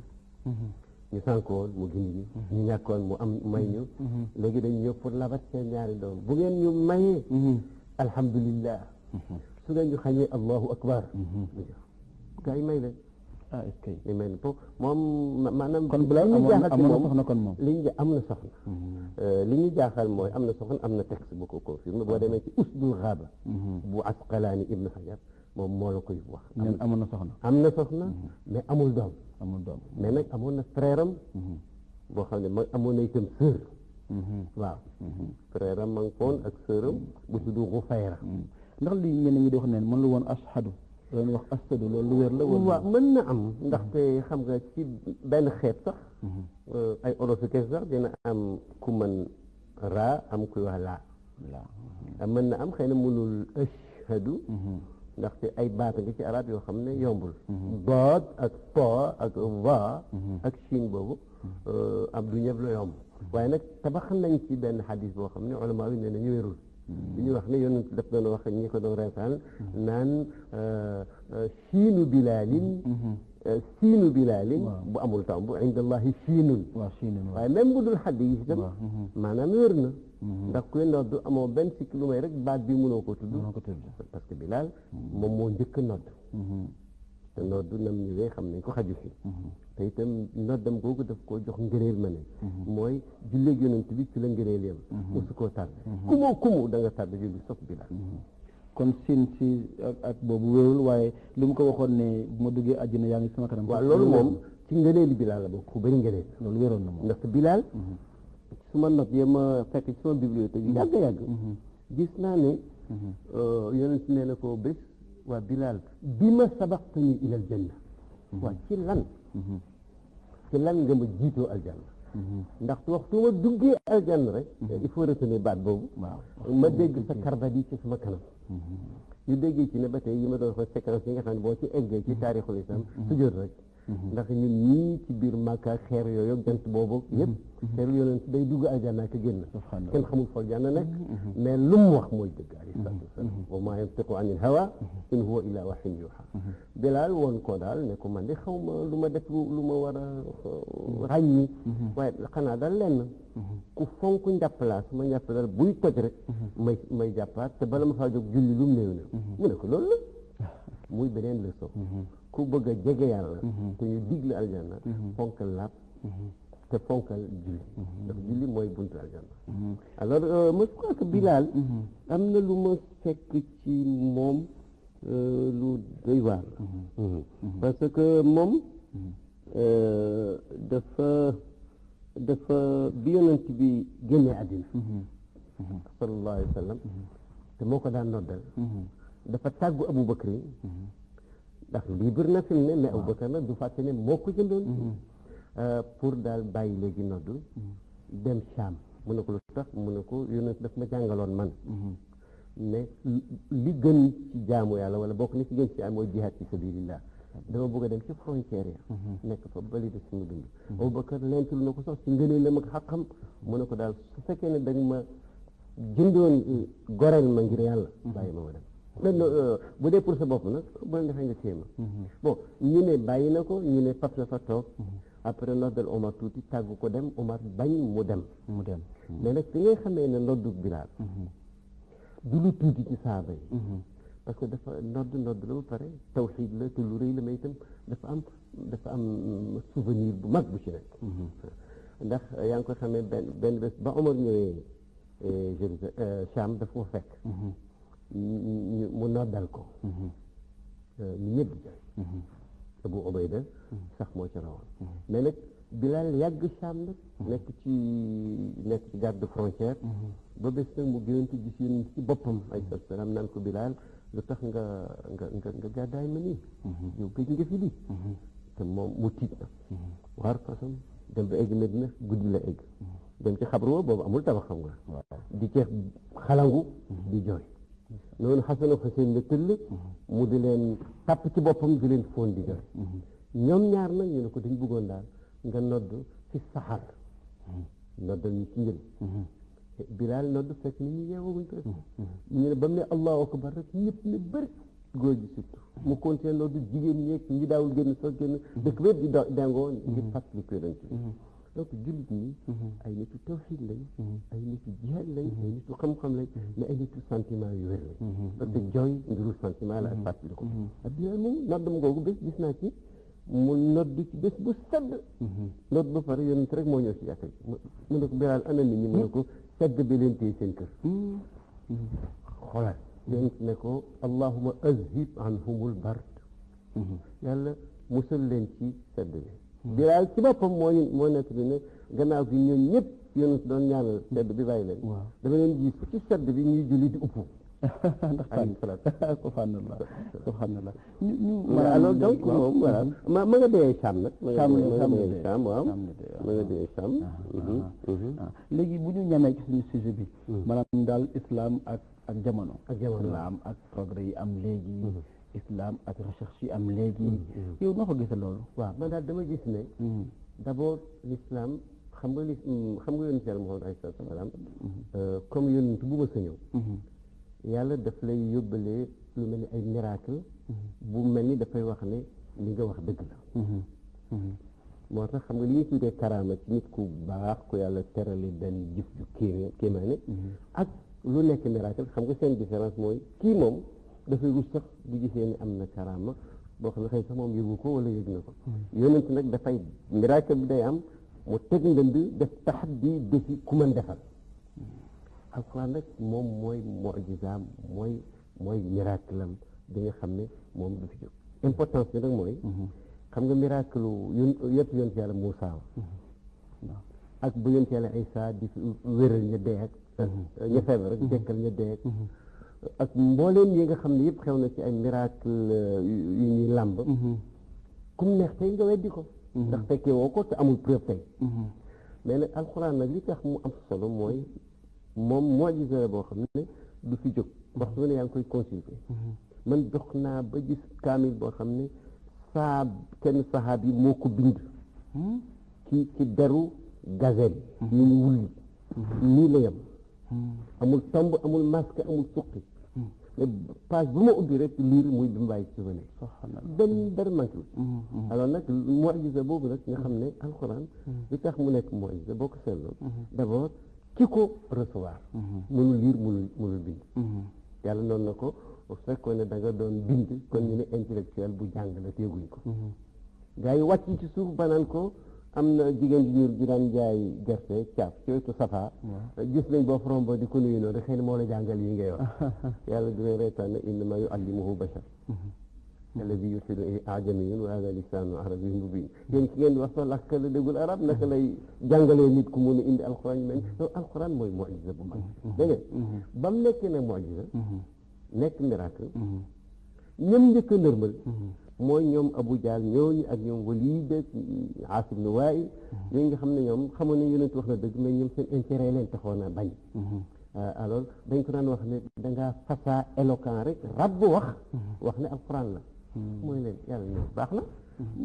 ñu sànk woon mu gindi ñu mhm. ñu ñàkkoon mu am may ñu mhm. léegi dañ ñëw pour labat seen ñaari doom bu ngeen ñu mayee mhm. alhamdulillah su ngeen ñu xañee allahu akbar gaa yi may leen ah est-ce mel ni moom maanaam. kon bu la amoon soxna kon moom li ñu am na soxna. Euh, li ñu jaaxal mooy am na soxna am na texte bu ko confirmé boo demee ci usdul xaaba. bu asqalaani ibn Hajar moom moo la koy wax. ñoom amoon na soxna. am na soxna. Mhm. mais amul doom. amul doom mais nag amoon na frère mhm. boo xam ne ma amoon na itam sœur. Mhm. waaw. frère am ma ngi koon ak sœur am bu tudd Rufayra. ndax li ñenn ñi di wax ne mën lu woon ashadu. loolu wax ashadu loolu lu wér la. waaw mën na am ndaxte xam nga ci benn xeet sax. Euh, ay olofike sax dina am ku mën raa am kuy wax laa. mën na am xëy na mënul ashadu. ndaxte ay baat nga ci arab yoo xam ne mhm. yombul mhm. baat ak po ak va mhm. ak chine boobu am euh, du ñëpp la yomb waaye nag tabax nañ ci benn xadis boo xam ne ulama yi nee nañu wérul li ñuy wax ne yonent daf doon wax ñi ko doon reetaan naan euh, euh, siinu bilaalin siinu bilaalin bu amul tam bu indallahi siinun waaye même bu dul xadis itam maanaam wér na Mhm. ndax kuy nodd amoo benn sikk lu rek baat bi mënoo ko tudd parce que Bilal moom moo njëkk a nodd mhm. te nodd nam ñëwee xam nañ ko xaju fi mhm. te itam noddam googu daf koo jox ngëneel ma ne mooy julleeg yonent bi ci la ngëneel yam mosu koo tardé kumoo kumu da nga julli sof Bilal kon sin si ak ak boobu wéerul waaye li mu ko waxoon ne bu ma duggee àjjana yaa ngi sama kanam waaw loolu moom ci ngëneeli Bilal la bokk ku bëri ngëneel loolu wéroon na moom ndax Bilal su ma not yéen ma fekk ci sama bibliothèque yi yàgg yàgg mhm. gis naa ne mhm. euh, yonent nee na ko bés waa Bilaal bi ma sabaqtani ilal janna mhm. waa ci lan ci lan nga ma jiitoo aljanna ndax waxtu ma duggee aljanna rek il faut retenir baat boobu ma dégg sa karbat yi ci sama kanam yu déggee ci ne ba tey yi ma doon fa séquence yi nga xam ne boo ci eggee ci taarixul islam sujjóot rek Mm-hmm. ndax ñun ñii ci biir màkka ak xeer yooyu ak jant boobu yëpp mm-hmm. mm-hmm. xeer yonent day dugg aljanna ak génn kenn xamul foo jànn nekk mais lu wax mooy dëgg alayhi salaatu wasalaam wa maa yantiqu an il hawa in huwa illaa waxin yuuxa bilaal woon ko daal ne ko ma de xaw ma lu ma def lu ma war a ràññi waaye xanaa daal lenn ku fonk njàppalaa su ma njàppalaa buy toj rek may may jàppaat te bala ma faa jóg julli lu mu néew mu ne ko loolu la muy beneen leçon ku bëgg a jege yàlla mhm. te ñu digle aljanna mhm. fonkal laab mhm. te fonkal julli ndax julli mooy buntu aljanna alors euh, ma crois que Bilal am na lu ma fekk ci moom euh, lu doy waar parce que moom euh, dafa dafa bi bi génnee àddina sallallahu alayhi wa te moo ko daan noddal dafa tàggu Abu Bakri ndax lii bir na fi mu ne mais Aboubacar la du fàtte ne moo ko jëndoon mhm. euh, pour daal bàyyi léegi noddu mhm. dem Saam mu ne ko lu tax mu ne ko yonent daf ma jàngaloon man mais mhm. li gën ci jaamu yàlla wala bokk na ci gën ci am mooy jihaad fi sabilillah dama bëgg a dem ci frontière nekk fa bali de suñu dund Aboubacar lentul na ko sax ci ngënee la mag xaqam mu ne ko daal su fekkee ne dañ ma jëndoon euh, goreel ma ngir yàlla bàyyi ma ma dem mais bu dee pour sa bopp nag bu leen defee nga téema bon ñu ne bàyyi na ko ñu ne faf na fa toog après noddal Omar tuuti tàggu ko dem Omar bañ mu dem mu dem mais nag fi ngay xamee ne noddu Bilaal du lu tuuti ci saaba yi parce que dafa nodd nodd la ba pare tawxiid la te lu la mais itam dafa am dafa am souvenir bu mag bu ci nekk ndax yaa ngi ko xamee benn benn bés ba Omar ñëwee Jérusalem Cham ko fekk mu noddal ko mm-hmm. euh, ñu ñëpp di jooy Abu Ubayda mm-hmm. sax moo ci rawoon mm-hmm. mais nag Bilal yàgg Saam nag nekk ci nekk ci garde frontière ba bés nag mu géwante gis yéen ci boppam ay salaam naan ko Bilal lu tax nga nga nga nga gàddaay ma nii yow gëj nga fi di te moom mu tiit na waar façon dem ba egg Medina guddi la egg dem ci xabru boobu amul tabax xam nga di ceex xalangu di jooy noonu Xasan ak Xuseen la tëll mu di leen tàpp ci boppam di leen foon digal ñoom ñaar nag ñu ne ko dañ bëggoon daal nga nodd fi saxar noddal ñu ci njël Bilaal nodd fekk ni ñu yeewaguñ ko ñu ne ba mu ne allahu akbar rek ñëpp ne bëri góor gi mu continué nodd jigéen ñeeg ñi daawul génn soo génn dëkk bépp di dangoo ngir fàttali ko yonent bi donc jullit ñi mhm. ay nitu tawxiid lañ mhm. ay nitu jihaad lañ ay nitu xam-xam lañ mhm. mais ay nitu sentiment yu wér lañ parce que jooy mbiru sentiment la ak fàttali ko abdoulaye moom noddam googu bés gis naa mu nodd ci bés bu sedd nodd ba pare yonent rek moo ñëw si jàkka ji mu ne ko biraal ana nit ñi mu ne ko sedd bi leen téye ko allahuma azhib anhumul bard yàlla musal leen ci sedd bi Bilaal ci boppam moo ñu moo nekk gannaaw gi ñoom ñëpp yonent doon ñaanal sedd bi bàyyi leen dama leen gis ci sedd bi ñuy julli di upp ndax fànn subhanallah subhanallah ñu ñu alors mm-hmm. ma ma nga dee sàmm nag ma nga dee sàmm léegi bu ñu ñamee ci suñu sujet bi mm. maanaam daal islam ak ak jamono ak jamono la am ak progrès yi am léegi mm-hmm. islam ak recherche yi am léegi. Mm-hmm. yow noo ko gisee loolu. waaw man daal dama gis ne. Mm-hmm. d' abord l' islam xam nga li mm, xam nga yonent yàlla Muhammad alayhi salaatu wa salaam mm-hmm. euh, comme yonent bu ma sa ñëw. yàlla daf lay yóbbalee lu mel ni ay miracle bu mel ni dafay wax ne li nga wax dëgg la. moo tax xam nga li ñu tuddee karaama ci nit ku baax ku yàlla terale benn jëf ju kéemaane ak lu nekk miracle xam nga seen différence mooy kii moom. dafay wut sax bu gisee ni am na karaama boo xam ne xëy sax moom yëgu ko wala yëg na ko hmm. yonent nag dafay miracle bi day am mu teg ndënd def taxaddi defi ku man defal hmm. alxuraan nag moom mooy mojisaam mooy mooy miracle am bi nga xam ne moom du fi jóg importance hmm. xam nga miracle yu yëpp yonent yàlla bu yonent yàlla Isaa di wéral ña dee ak ña feebar ak dekkal ña dee ak ak mbooleem yi nga xam ne yëpp xew na ci ay miracle euh, yu ñuy làmb mm-hmm. kum neex tey nga weddi ko mm-hmm. ndax fekkee woo ko te amul preuve tey mm-hmm. mais nag alxuraan nag li tax mu am solo mooy moom moo gisee la boo xam ne du fi jóg waxtu ne yaa ngi koy consulté man dox naa ba gis kaamil boo xam ne saab kenn sahaab yi moo ko bind ci ci deru gazelle ñu ñu wulli nii la yem Hmm. amul tomb amul masque amul suqi hmm. mais bu ma ubbi rek lire muy Bimbaay Souvenir benn dara manqué hmm, alors nag mojise boobu nag nga xam ne alxuraan li tax mu nekk mojise boo ko seetloo d'abord ki ko recevoir mënul lire mënul mënul bind yàlla noonu na ko fekkoon ne danga doon bind kon ñu ne intellectuel bu jàng la teeguñ ko gaa yi ci suuf banaan ko am na jigéen ji ñuul ji daan jaay gerte caaf ci wetu safa gis nañ boo forom boo di ko nuyu noonu rek moo la jàngal yi ngay wax yàlla dina reetaan ne innama yuallimuhu bashar mhm. alladi yursilu ilayhi ajamiyun wa a lisanu arabiyyun mubin yéen ki ngeen wax sax làkk la déggul arab naka lay jàngalee nit ku mun a indi alquran yu mel donc alquran mooy mujiza bu mag mhm. dégg nga mhm. ba mu nekkee ne mujiza nekk miracle ñoom njëkk a nërmal mooy ñoom Abu Jaal ñooñu ak ñoom Waliid ak Aasim ibn Waa'il ñooñu nga xam ne ñoom xamoon nañ yonent wax na dëgg mais ñoom seen intérêt leen taxoon a bañ mhm. euh, alors dañ ko daan wax ne da ngaa fasaa éloquent rek rab wax mhm. wax ne alquran la mhm. mooy leen yàlla ñoom baax na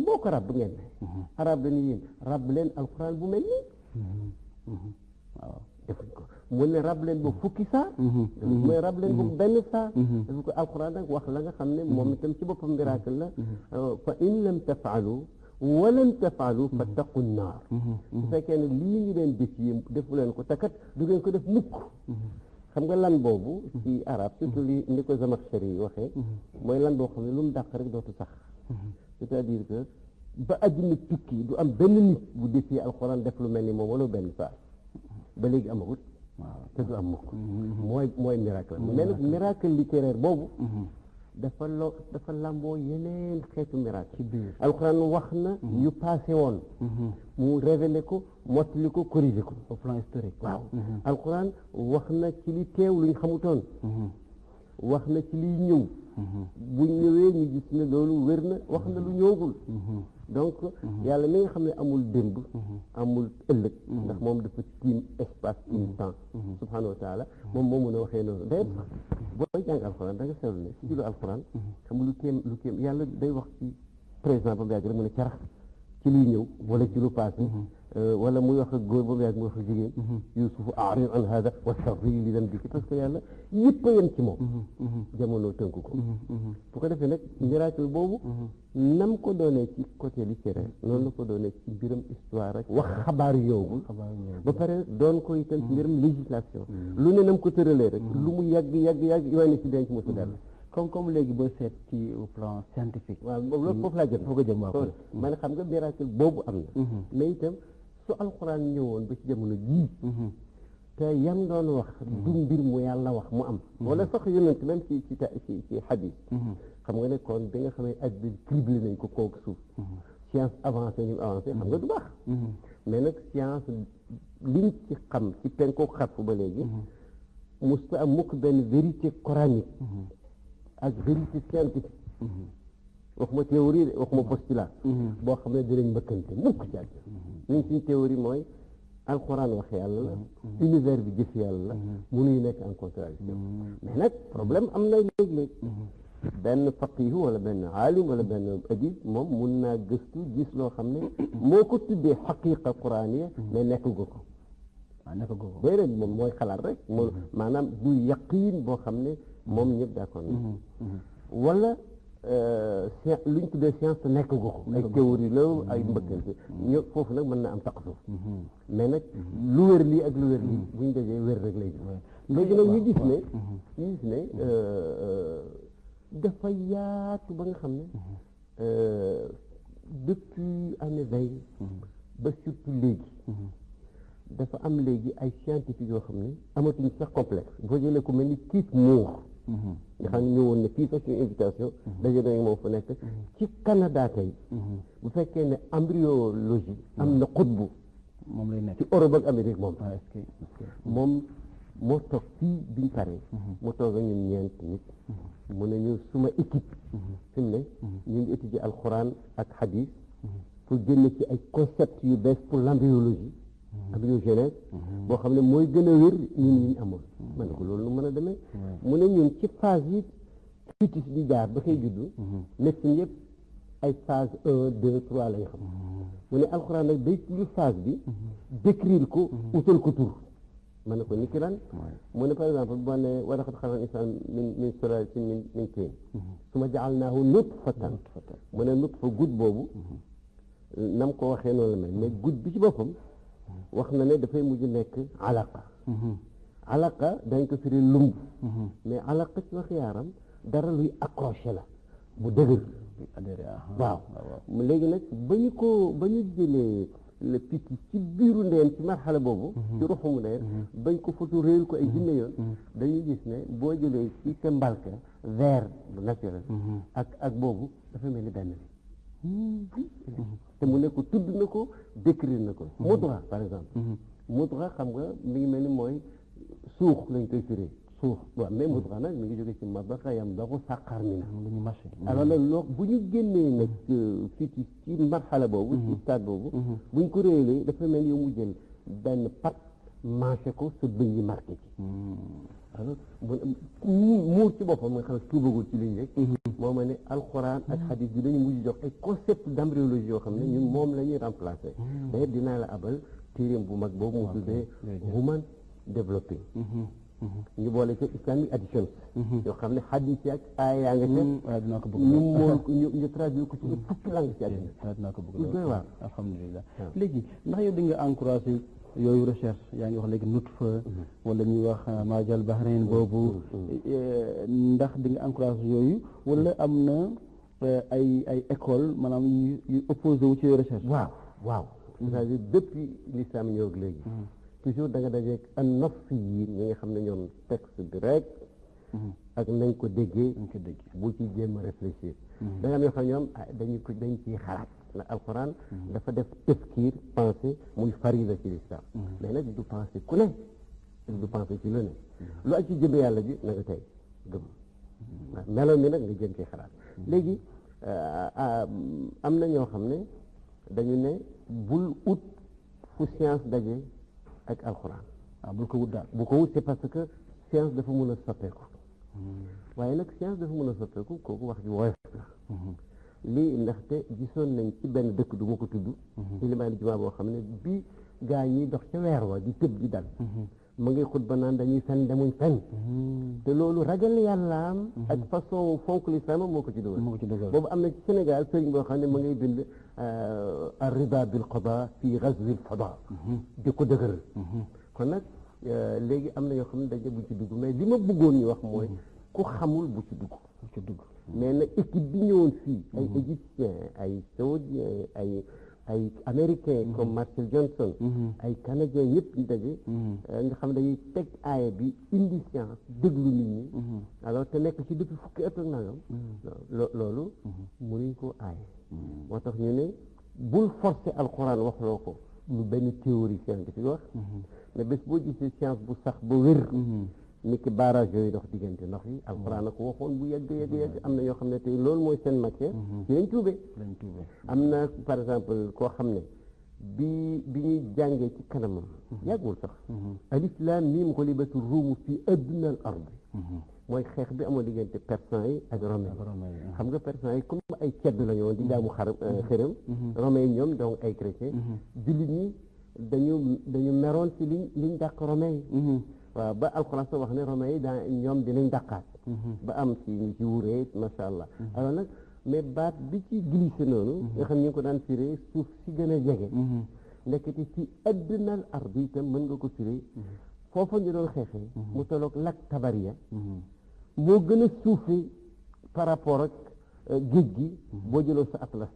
moo ko rab ngeen ne arab dañu yéen rab leen alquran bu mel nii waaw defuñ ko mu ne rab leen ba fukki saa mooy mhm. rab leen ba mhm. benn saa dafa mhm. ko alxuraan nag wax la nga xam ne moom itam ci boppam miracle la fa in lam tafaalu walan tafaalu fattaqu naar su fekkee ne lii ñu leen leen ko takat du ngeen ko def mukk xam nga lan boobu ci arab surtout li ni ko Zamakhshari yi waxee mooy lan boo xam ne lu mu dàq rek dootu sax c'est-à-dire que ba àddina tukki du am benn nit bu defee alxuraan def lu mel ni moom wala benn saa ba léegi amagut waaw te du am mukk mooy mooy miracle mais nag miracle littéraire boobu mhm. dafa lamboo yeneen xeetu miracle ci biir alxuraan wax na mhm. yu passé woon mhm. mu révélé ko mottali ko corrigé ko au plan historique waaw alxuraan wax na ci li teew luñ xamutoon wax na ci liy ñëw bu ñëwee ñu gis ne loolu wér na wax na lu ñëwagul donc mhm. yàlla mi nga xam ne amul démb mhm. amul ëllëg mhm. ndax moom dafa tiim espace tiim temps subhaanahu wa moom moo mën a waxee noonu day booy jàng alxuraan da nga seetlu ne si jullu alxuraan xam nga lu kéem lu kéem yàlla day wax ci président ba mu yàgg rek mu ne carax ci luy ñëw wala ci lu paase Euh, wala muy wax ak góor ba mu yàgg mu wax ak jigéen mm-hmm. yusufu arid an hada wa sarri li dam dikki parce que yàlla ñëpp a yem ci moom mm-hmm. Mm-hmm. jamono tënk ko bu ko defee nag miracle boobu nam ko doonee ci côté littéraire noonu la ko doonee ci mbiram histoire rek wax xabaar yowbu ba pare doon ko itam ci mbiram législation lu ne nam ko tëralee rek lu mu yàgg yàgg yàgg yooyu ne ci denc mosu dal comme comme léegi ba seet ci plan scientifique waaw loolu foofu laa jëm foo ko jëm waaw man xam nga miracle su alxuraan ñëwoon ba ci jamono jii mhm. te yam doon wax mhm. du mbir mu yàlla wax mu am mhm. wala sax yonent même ci ci ci ci xadis xam nga ne kon bi nga xam ne ak bi criblé nañ ko kooku suuf science avancée ni mu avancé xam nga du baax mais nag science liñ ci xam ci penku ba léegi musta am mukk benn vérité coranique ak vérité scientifique waxuma théorie de waxuma postulat boo xam ne dinañ mbëkkante mukk ci àddina ñun suñu théorie mooy alxuraan wax yàlla la mhm. univers bi jëf yàlla la mhm. munuy nekk en contradiction mhm. mais nag problème am na léeg-léeg benn faqihu wala benn aalim wala benn adib moom mun naa gëstu gis loo xam ne moo ko tuddee xaqiqa quraaniya mais nekk gu ko waaw ah, nekk moom mooy xalaat rek moo maanaam du yaqiin boo xam ne moom ñëpp d'accord wala Euh, lu ñu tuddee science nekk gu ko ay théorie la ay mbëkkante ñëw foofu nag mën na am taqasuf mhm. mais nag lu wér lii ak lu wér lii bu ñu dajee wér rek lay gis léegi nag ñu gis ne mhm. ñu gis ne mhm. euh, euh, dafa yaatu ba nga xam ne depuis année vingt ba surtout léegi dafa am léegi ay scientifique yoo xam ne amatuñ sax complexe boo jëlee ko mel ni Keith Moore nga xam ne ñëwoon ne fii sax suñu invitation daje nañ moom fu nekk ci Canada tey bu fekkee ne embryologie am na xutbu moom lay nekk ci Europe ak Amérique moom ah, moom moo toog fii biñ paree moo toog ak ñun ñeent nit mu ne ñu suma équipe fi mu ne ñu ngi étudier alxuraan ak xadis pour génn ci ay yu bees pour l'embryologie ak boo xam ne mooy gën a wér ñun ñu amoon man ne ko loolu nu mën a demee mu ne ñun ci phase yi si di jaar ba koy juddu mhm. médecine yëpp ay phase un deux trois lañ xam mhm. mu ne alxuraan nag day tudd phase bi mhm. décrire ko utal ko tur mën na ko niki lan mu ne par exemple boo ne wa laqad xalaqnal insaana min min naa min min tiin summa ja'alnaahu nutfatan mu ne nutfa gudd boobu nam ko waxee noonu la mel mais gudd bi ci boppam wax na ne dafay mujj nekk alaqa mhm. alaqa dañ ko firi lumb mhm. mais alaqa ci wax yaaram dara luy accroché la bu dëgër ah, ah, waaw léegi nag ba ñu ko ba ñu jëlee le picc ci biiru ndeen ci marxala boobu mhm. ci ruxumu ndeen bañ ko foto réel ko ay jinne yoon dañuy gis ne boo jëlee ci te mbalka vert bu naturel ak ak boobu dafa mel ni benn bi te mu nekk tudd na ko décrire na ko mudra mhm. par exemple mudra mhm. xam nga mi ngi mel ni mooy suux lañ koy firee suux waaw mais mudra mhm. nag mi ngi jóge ci mabaxa yam daxu sàqar mi na alors nag loo bu ñu génnee nag euh, fii ci ci boobu ci stade boobu buñ ko réelee dafa mel yow mu jël benn pat manché ko sa bëñ yi alors muur ci boppam nga xam ne tuubagul ci liñ rek moo ma ne alxuraan ak xadis bi dañu mujj jox ay concept d'embryologie yoo xam ne ñun moom la ñuy remplacer dinaa la abal téeréem bu mag boobu mu tuddee human developing ñu boole ci islamic additions yoo xam ne xadis yi ak aaya nga ca ñu mool ñu traduire ko ci fukki langue ci àddina doy waar alhamdulilah léegi ndax yow nga encouragé yooyu recherche yaa ngi wax léegi nutfa mhm. wala ñuy wax euh, maajal bahrain boobu mhm. euh, ndax di nga yooyu walla mhm. am na euh, ay ay école manaam yu opposé wu ci yooyu recherche waaw waaw c'est-à-dire depuis l'islam ñëw léegi toujours da nga dajeeg an nafsi ñi nga xam ne ñoom texte bi rek ak nañ ko déggee bu ci jéem bu ci da nga am yoo ñoom ah, dañu ko dañ ciy xalaat ndax alquran dafa def tëskiir pensé muy farida ci lislam mm-hmm. mais nag du pensé ku ne du ci lu mm-hmm. ak ci jënd yàlla ji na nga tey gëm mm-hmm. meloon mi nag nga jëm ci xalaat léegi euh, euh, am na ñoo xam ne dañu ne bul ut fu science daje ak alquran waaw ah, bul ko wut daal bu ko wut c'est parce que science dafa mën a soppeeku waaye nag science dafa mën a soppeeku kooku wax ji woyof la lii ndaxte gisoon nañ ci benn dëkk du ma ko tudd mhm. ilimaani jumaa boo xam ne bi gaa ñiy dox ca weer wa di tëb di dal mhm. mu ngi xutba naan dañuy fen demuñ fen
mhm.
te loolu ragal yàllaam ak façon fonk lislaam moo ko ci dugal boobu am na ci Sénégal sëriñ boo xam ne mu ngay bind euh, arrida bil qada fi ghazwil fada di ko dëgëral kon nag euh, léegi am na yoo xam ne daje buñ ci dugg mais li ma bëggoon ñu wax mooy ku xamul bu ci dugg bu ci dugg mais nag équipe bi ñëwoon fii ay mhm. égyptien ay saoudien ay ay américain mhm. comme Marcel Johnson mhm. ay canadien ñëpp ñu daje euh, nga xam ne dañuy teg aaya bi indi science déglu nit ñi alors te nekk ci depuis fukki at ak nangam loolu mënuñ koo aaye moo tax ñu ne bul forcer wax loo ko lu benn théorie scientifique wax mais bés boo gisee science bu sax ba wér ni ki barrage yooyu dox diggante ndox yi alxuraan ko waxoon bu yàgg yàgg yàgg mm-hmm. am na ñoo xam ne tey loolu mooy seen matière mm-hmm. lañ tuube am na par exemple koo xam ne bi bi ñuy jàngee ci kanamam mm-hmm. yàggul sax alif laam miim ghalibatu ruum fi adna al ard mooy xeex bi amoon diggante persan yi ak romain yi ah. xam nga persan yi comme ay cedd la ñoon di jaamu xar euh, xërëm yi ñoom donc ay chrétien jullit ñi dañu dañu meroon ci liñ liñ dàq romain yi waaw ba alxuraan sa wax ne romain yi daa ñoom dinañ dàqaat mhm. ba am ci ñu ci wuree macha allah mhm. alors nag mais baat bi ci glissé noonu mhm. nga xam ñu ko daan firé suuf si gën a jege ndekete ci addinal ardu itam mën nga ko firé foofa ñu doon xeexee mu tolloog lak tabariya moo gën a suufe par rapport ak euh, géej gi boo jëloo sa atlas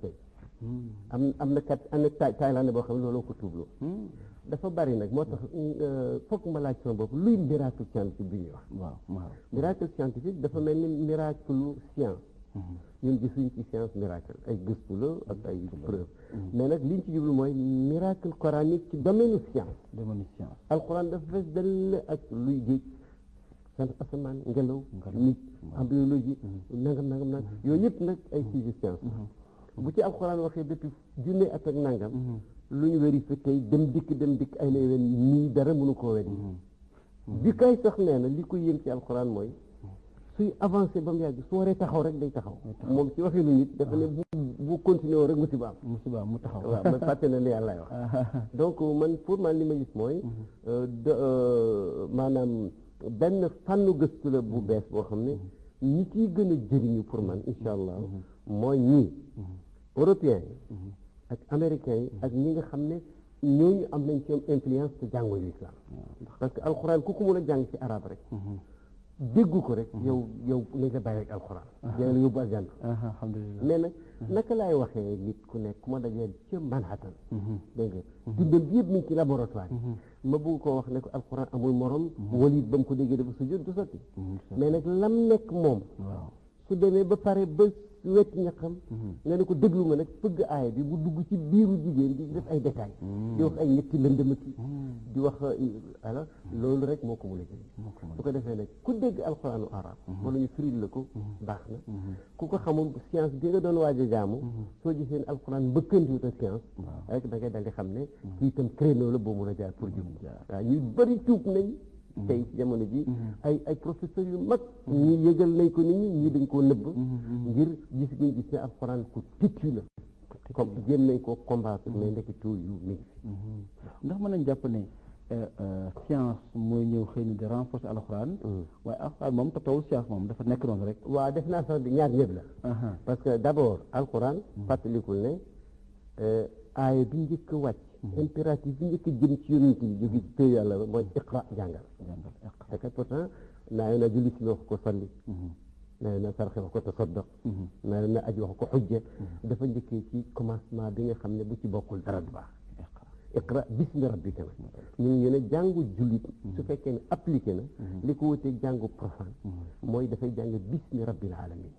am am na kat am na Thaïlande boo xam ne looloo ko tuubloo dafa bari nag moo tax mm-hmm. euh, foog ma laaj sama bopp luy miracle scientifique bi ñuy wax. waaw miracle dafa mel ni miracle science. Mm-hmm. ñun gisuñ ci science miracle ay gëstu la ak ay mm-hmm. preuve mais nag liñ ci jublu mooy miracle coranique domaine science. domaine dafa fees dell ak luy géej sant asamaan ngelaw. nit am biologie nangam nangam nag yooyu nag ay sujet science bu ci alquran waxee depuis junne at ak nangam. lu ñu vérifié tey dem dikk dem dikk ay lay wen nii dara mënu koo wen mm-hmm. mm-hmm. bi kay sax nee na li ko yéem ci alxuraan mooy suy avancé ba mu yàgg su waree taxaw rek day taxaw moom ci waxee lu nit dafa ne bu bu continué woo rek musiba am mu taxaw waaw man fàtte na li yàllaay wax donc man pour man li ma gis mooy mm-hmm. euh, euh, maanaam benn fànnu gëstu la bu bees boo xam ne ñi ciy gën a jëriñu pour man incha allah mooy ñii européen ak américains yi ak ñi nga xam ne ñooñu am nañ ci influence te jànguñu l'islam mm-hmm. parce que alxuraan ku ko mën a jàng ci arab rek mm-hmm. déggu ko rek mm-hmm. yow yow li nga bàyyi rek alxuraan uh-huh. dina la yóbbu aljanna uh-huh, alhamdulilah naka laay waxee nit ku nekk ku ma dajee ca Manhattan dégg nga dundam bi yëpp mi ngi ci laboratoire ma bëgg koo wax ne ko alxuraan amul morom walit ba mu ko déggee dafa sujud du sotti mais nag lam nekk moom su demee ba pare ba wet ci wecc ñaqam mhm. nga ne ko déglu ma nag pëgg aaya bi bu dugg ci biiru jigéen di def ay détails mhm. di wax ay ñetti lëndëmaki mhm. di wax euh, ala loolu rek moo ko mën a jël su ko defee nag ku dégg alquranu arab wala ñu firil la ko baax na ku ko xamul science bi nga doon waaj a jaamu soo gisee alquran mbëkkantiwut a science rek da ngay di xam ne kii tam créneau la boo mën a jaar pour jëm waaw ñuy bari tuub nañ Mm-hmm. tey jamono ji mm-hmm. ay ay professeurs yu mag ñii mm-hmm. yëgal nañ ko nit ñi ñii dañ koo nëbb ngir gis giñ gis ne alxuraan ku titi la comme génn nañ koo combattre mais ndeketoo yu mi ndax mën nañ jàpp ne euh, euh, science mooy ñëw xëy na di renforcer alxuraan mm. waaye alxuraan moom toppawul science moom dafa nekk noonu rek waa def naa sax di ñaar ñëpp la uh-huh. parce que d' abord alxuraan fàttalikul ne euh, aaya bi njëkk wàcc impératif bi njëkk a jëm ci yonent bi jóge ci téye yàlla mooy iqra jàngal fekk pourtant naa na julli si wax ko salli mm-hmm. naa na sarxe wax ko tasaddaq mm-hmm. naa na aj wax ko xujja mm-hmm. dafa njëkkee ci commencement bi nga xam ne bu ci bokkul dara du baax iqra bismi rabbika ñu ngi ne jàngu jullit su fekkee ne appliqué na li ko wutee jàngu profane mooy dafay jàng bismi rabbil alamin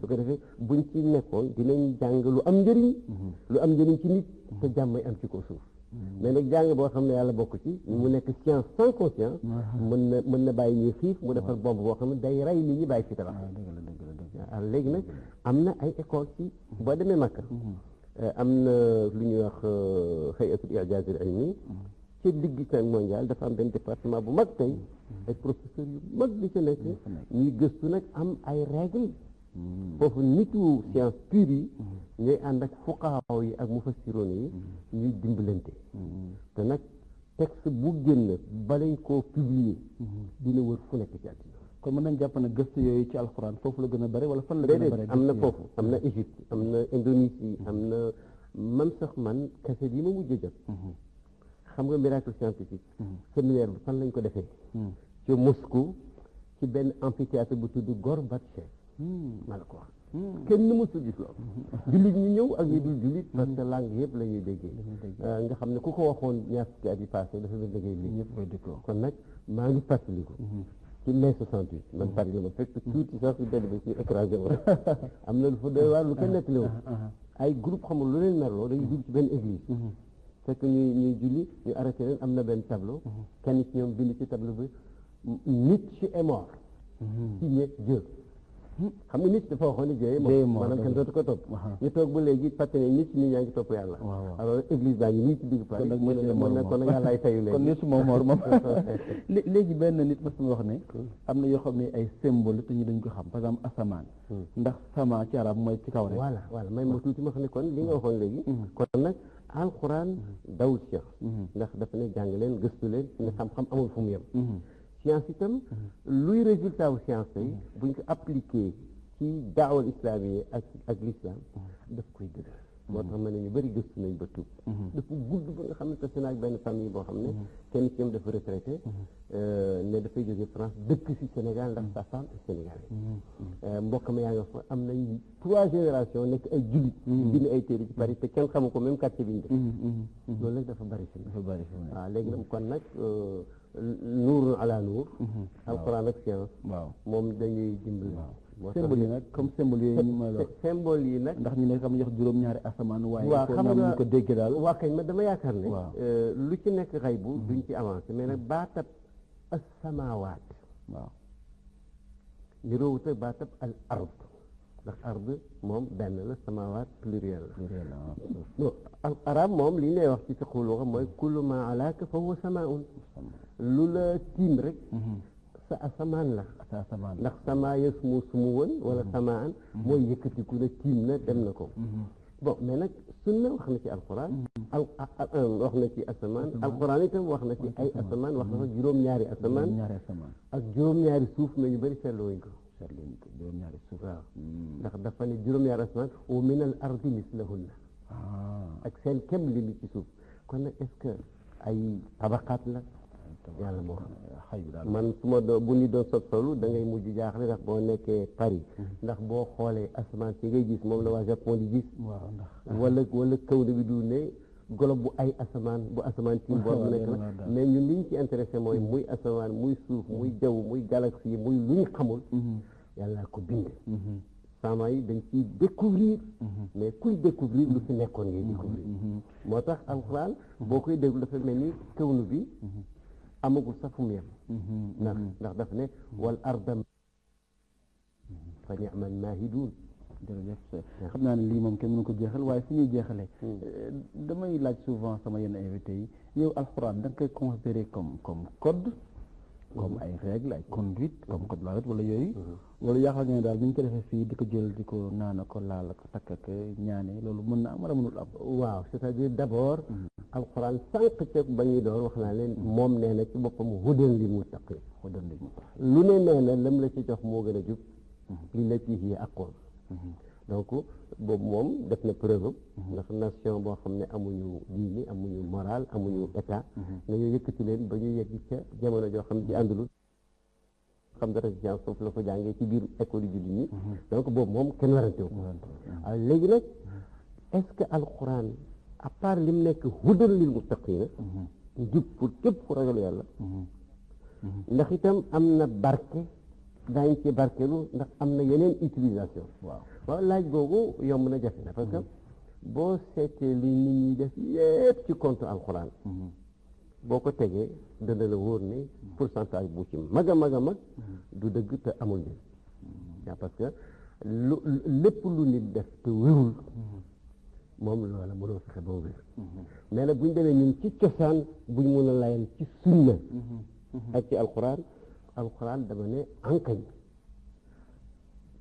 su ko defee buñ ci nekkoon dinañ jàng lu am njëriñ mhm. lu am njëriñ ci nit te mhm. jàmmay am ci ko suuf mhm. mais nag jàng boo xam ne yàlla bokk ci mu nekk science sans conscience mën na mën na bàyyi ñuy xiif mu defar bomb boo xam ne day rey nit ñi bàyyi fi tabax waaw ah, léegi nag am na ay école ci boo demee Makka euh, am na lu ñuy wax euh, hayatul i'jaz al ilmi ci digg cinq mondial dafa am benn département bu mag tey ay professeurs yu mag bi ci nekk ñuy gëstu nag am ay règle foofu nitu science pure yi ñooy ànd ak fuqaaw yi ak mufassiroon yi ñuy dimbalante te nag texte bu génn balañ koo publier dina wër fu nekk ci kon mën nañ jàpp ne gëstu yooyu ci alxuraan foofu la gën a bari wala fan la gën a bëri am na foofu am na Égypte am na Indonésie am na man sax man kaset yi ma mujj a jot mhm. xam nga miracle scientifique mhm. séminaire bi fan lañ ko defee mhm. ci Moscou ci benn amphithéâtre bu tudd Gorbatchev maa la ko wax kenn mësul gis loolu hmm. jullit ñu ñëw ak ñu dul jullit parce que hmm. langue yëpp la déggee euh, nga xam ne ku ko waxoon ñaar fukki at yi passé dafa mel déggee lii ñëpp koy dégloo kon nag maa ngi fàttaliku hmm. ci mai 68 man Paris la ma fekk tuuti sax su benn bi ci écrasé woon am na lu fa doy waar lu kenn uh-huh. nettali woon uh-huh. uh-huh. ay groupe xamul lu leen merloo dañuy dugg ci benn église fekk ñuy ñuy ñu arrêté leen am na benn tableau kenn ci ñoom bind ci tableau bi Nietzsche est mort signé Dieu xam nga nit dafa waxoon ne jëye moom maanaam kenn dootu ko topp ñu toog ba léegi fàtte ne nit ñi ñaa ngi topp yàlla alors église baa ngi nii ci digg kon nag kon yàllaay benn nit mas na wax ne am na yoo xam ne ay symbole te dañ ko xam par exemple asamaan hmm. ndax sama ci arab mooy ci kaw rek voilà voilà may ma tuuti ma xam ne kon li nga waxoon léegi hmm. kon nag alxuraan hmm. dawul ci ndax dafa ne jàng leen gëstu leen ne xam-xam amul fu mu yem science itam mhm. luy résultat wu science tey mhm. buñ ko appliqué ci daawal islamiye ak ak l'islam mhm. daf koy dëgër moo tax ma ne ñu bëri gëstu nañ ba tuub dafa gudd ba nga xam ne tase naag benn famille boo xam ne kenn ci ñoom dafa retraité euh, ne dafay jóge France dëkk si Sénégal ndax sa femme est sénégalaise euh, mbokk ma yaa nga fa am nañ trois générations nekk ay jullit bind ay téere ci Paris te kenn xamu ko même quartier bi ñu def loolu nag dafa bëri fi dafa bëri fi waaw léegi nag nuurun alaa nuur. alquran mhm. ak science. waaw moom dañuy dimbali. waaw symbole yi nag comme symbole yooyu yi nag ndax ñu ne xam jox juróom-ñaari asamaan. waaye xam nga ko dégg daal. waa kañ ma dama yaakaar ne. Euh, lu ci nekk xay bu duñ mhm. ci avancé mais nag mhm. baatab asamaawaat. waaw niroowut ak baatab al ard. ndax ard moom benn la samawaat pluriel la al arab moom li ñu lay wax ci fiqhu mooy kullu ma alaaka fa huwa samaun lu la tiim rek mhm. sa asamaan la ndax sama yasmu sumu woon wala mhm. samaan mhm. mooy yëkkatiku na tiim na dem na ko bon mais nag sunna wax na ci alquran al wax na ci asamaan alquran itam wax na ci ay asamaan wax na fa juróom-ñaari asamaan ak juróom-ñaari suuf mais ñu bëri seetlu wuñ ko seet leen ko juróom-ñaari suuf ndax dafa ne juróom-ñaari asamaan wa min al ardi mislahunna ah. ak seen kem li mi ci suuf kon nag est-ce que ay tabaqaat la yàlla moo xam man su ma doo bu ni doon sob solu dangay mujju mujj jaaxle ndax boo nekkee Paris mm-hmm. ndax boo xoolee asamaan si ngay gis moom la waa Japon di gis wala wala kaw na bi du golob bu ay asamaan bu asamaan ci bor bu nekk la mais ñun liñ ci intéressé mooy muy asamaan muy suuf muy jaww muy galaxie muy luñ xamul mhm. yàlla ko bind mhm. sama yi dañ ciy découvrir mhm. mais kuy découvrir lu fi nekkoon ngay découvrir moo tax alxuraan boo koy déglu dafa mel ni kawnu bi amagul sax fu mu yem ndax ndax daf ne wal arda fa ni'mal maahidun jërëjëf xam naa ne lii moom kenn mënu ko jeexal waaye su ñuy jeexalee hmm. damay laaj souvent sama yenn invité yi yow alxuraan da koy considéré comme comme code comme hmm. ay règle ay conduite comme code la wala yooyu hmm. wala yaakaar nga ne daal bu ñu ko defee fii di ko jël di ko naana ko laal ko takk ak ñaane loolu mën na am wala mënul am waaw c'est-à-dire d'abord alxuraan sànq ceeb ba ñuy door wax naa leen moom nee na ci boppam hudan lil muttaqin hudan lil muttaqin lu ne nee na lam la ci jox moo a jub li la ci yi Mm-hmm. donc boobu moom def na preuve mm-hmm. ndax nation boo xam ne amuñu diini amuñu moral amuñu mm-hmm. état nga ñu yëkkati leen ba ñu yegg ca jamono joo xam ne ci àndulul xam dara ci science foofu la ko jàngee ci biir école yu jullit ñi donc boobu moom kenn warantewu waaw léegi nag est-ce que alquran à part lim nekk hudan lil muttaqina njub pour képp ku ragal yàlla ndax itam am na barke daañu ci barkelu ndax am na yeneen utilisation waaw waaw laaj googu yomb na jafe na parce boo seetee li nit ñuy def yépp ci compte alxuraan boo ko tegee dana la wóor ne pourcentage bu ci mag a mag a mag du dëgg te amul njëriñ waaw parce que lu lépp lu nit def te wérul moom loola mënoo fexe ba wér mais nag buñ demee ñun ci cosaan buñ mun a layal ci sunna ak ci alxuraan alxuraan dama ne ankañ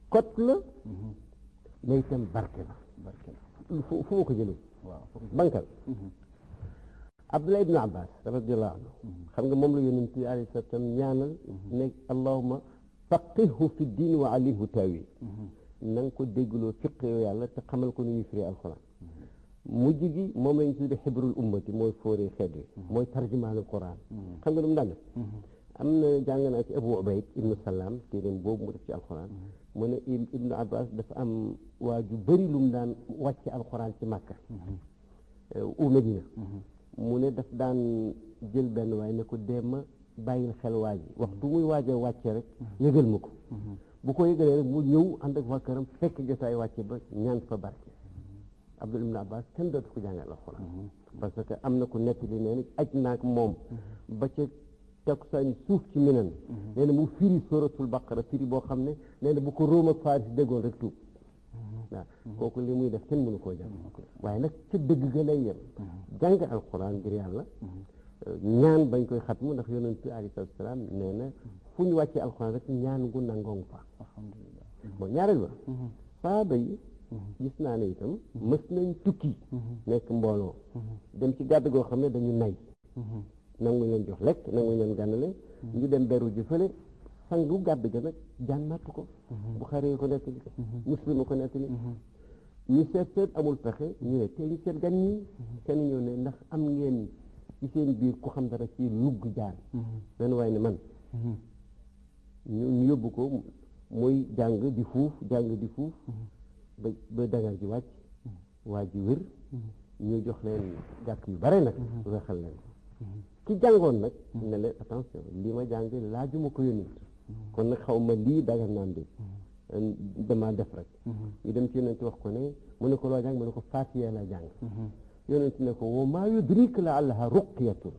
kot la mhm. mais itam barke la barke la fu ma ko jëlee bankal mhm. Abdullah ibnu Abbas anhu mhm. xam nga moom la yonent bi alayhi salaatu salaam ñaanal ne allahuma faqihhu fi diin wa alimhu taawil na nga ko déggloo fiq yow yàlla te xamal ko nu ñuy firi alxuraan mujj gi moom lañ tudde xibrul ummati mooy fóoree xeet wi mooy tarjumaanul quran xam nga nu mu daan def am na jàng naa ci Abu Ubayd ibnu Salaam téeréem boobu mu def ci alxuraan mm-hmm. mu ne ibnu Abbas dafa am waa ju bëri lu mu daan wàcce alxuraan ci Makka mm-hmm. u Medina mm-hmm. mu ne daf daan jël benn waay ne ko dem bàyyil xel waaj waxtu muy waaj a wàcce rek yëgal ma ko bu ko yëgalee rek mu ñëw ànd ak waa këram fekk jotaay wàcce ba ñaan fa barke Abdul ibnu Abbas kenn dootu ko jàngal alxuraan parce que am na ku nekk di nee naak moom ba ca takkusaan yi suuf ci minen nee na mu firi suratul baqara firi boo xam ne nee bu ko Rome ak Faris déggoon rek tuub waaw kooku li muy def kenn mënu koo jàng waaye nag ca dëgg ga lay yem jàng alquran ngir yàlla ñaan bañ koy xatmu ndax yonent bi alayhi salaatu salaam nee na fu ñu wàccee alquran rek ñaan gu nangoon fa bon ñaareel ba mhm. saaba yi gis ne itam mhm. mës nañ tukki mhm. nekk mbooloo dem ci gàdd goo xam ne dañu nay nangu leen jox lekk nangu leen gànnale ñu dem beru ji fële sangu gàbb ga nag jaan màtt ko mhm. Buxaari yi ko nettali ko mhm. ko nettali mhm. ñu seet seet amul pexe ñu ne te ñu seet gan ñi kenn ñëw ne ndax am ngeen ci seen biir ku xam dara ci lugg jaan benn waaye ne man ñu yóbbu ko muy jàng di fuuf jàng di fuuf ba ba ji wàcc waa ji wér ñu jox leen gàtt yu bare nag wexal leen ki jàngoon nag ne la attention lii ma jàng laajuma ko yónni kon nag xaw ma lii daga naan de dama def rek ñu dem ci yonent wax ko ne mu ne ko loo jàng mu ne ko Faatiha la jàng yonent ne ko wa maa yudrik la allaha ruqyatun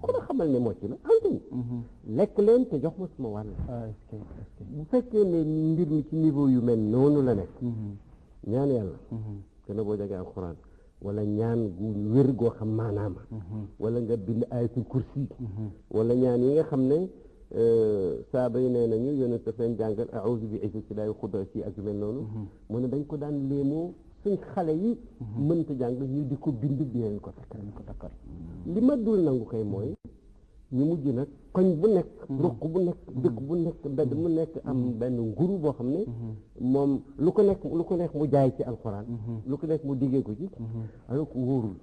ku ma xamal ne mocc la antuñ lekk leen te jox ma suma wàll ah, bu fekkee ne mbir mi ci niveau yu mel noonu la nekk mhm. ñaan yàlla mhm. gën a boo jagee alxuraan wala ñaan gu wér goo xam maanaama wala nga bind ayatul kursi wala ñaan yi nga xam ne euh, saaba yi nee nañu yonent daf leen jàngal aouzu bi izzatillahi xudrati ak mel noonu mu ne dañ ko daan léemoo suñ xale yi mënta jàng ñu di ko bind di leen ko takkal ko li ma dul nangu kay mooy ñu mujj nag koñ bu nekk hmm. ruq bu nekk hmm. dëkk bu nekk mbedd mu nekk hmm. am benn nguru boo xam ne moom lu ko nekk lu ko nekk mu jaay ci alxuraan lu ko nekk mu diggee ko ci alors que wóorul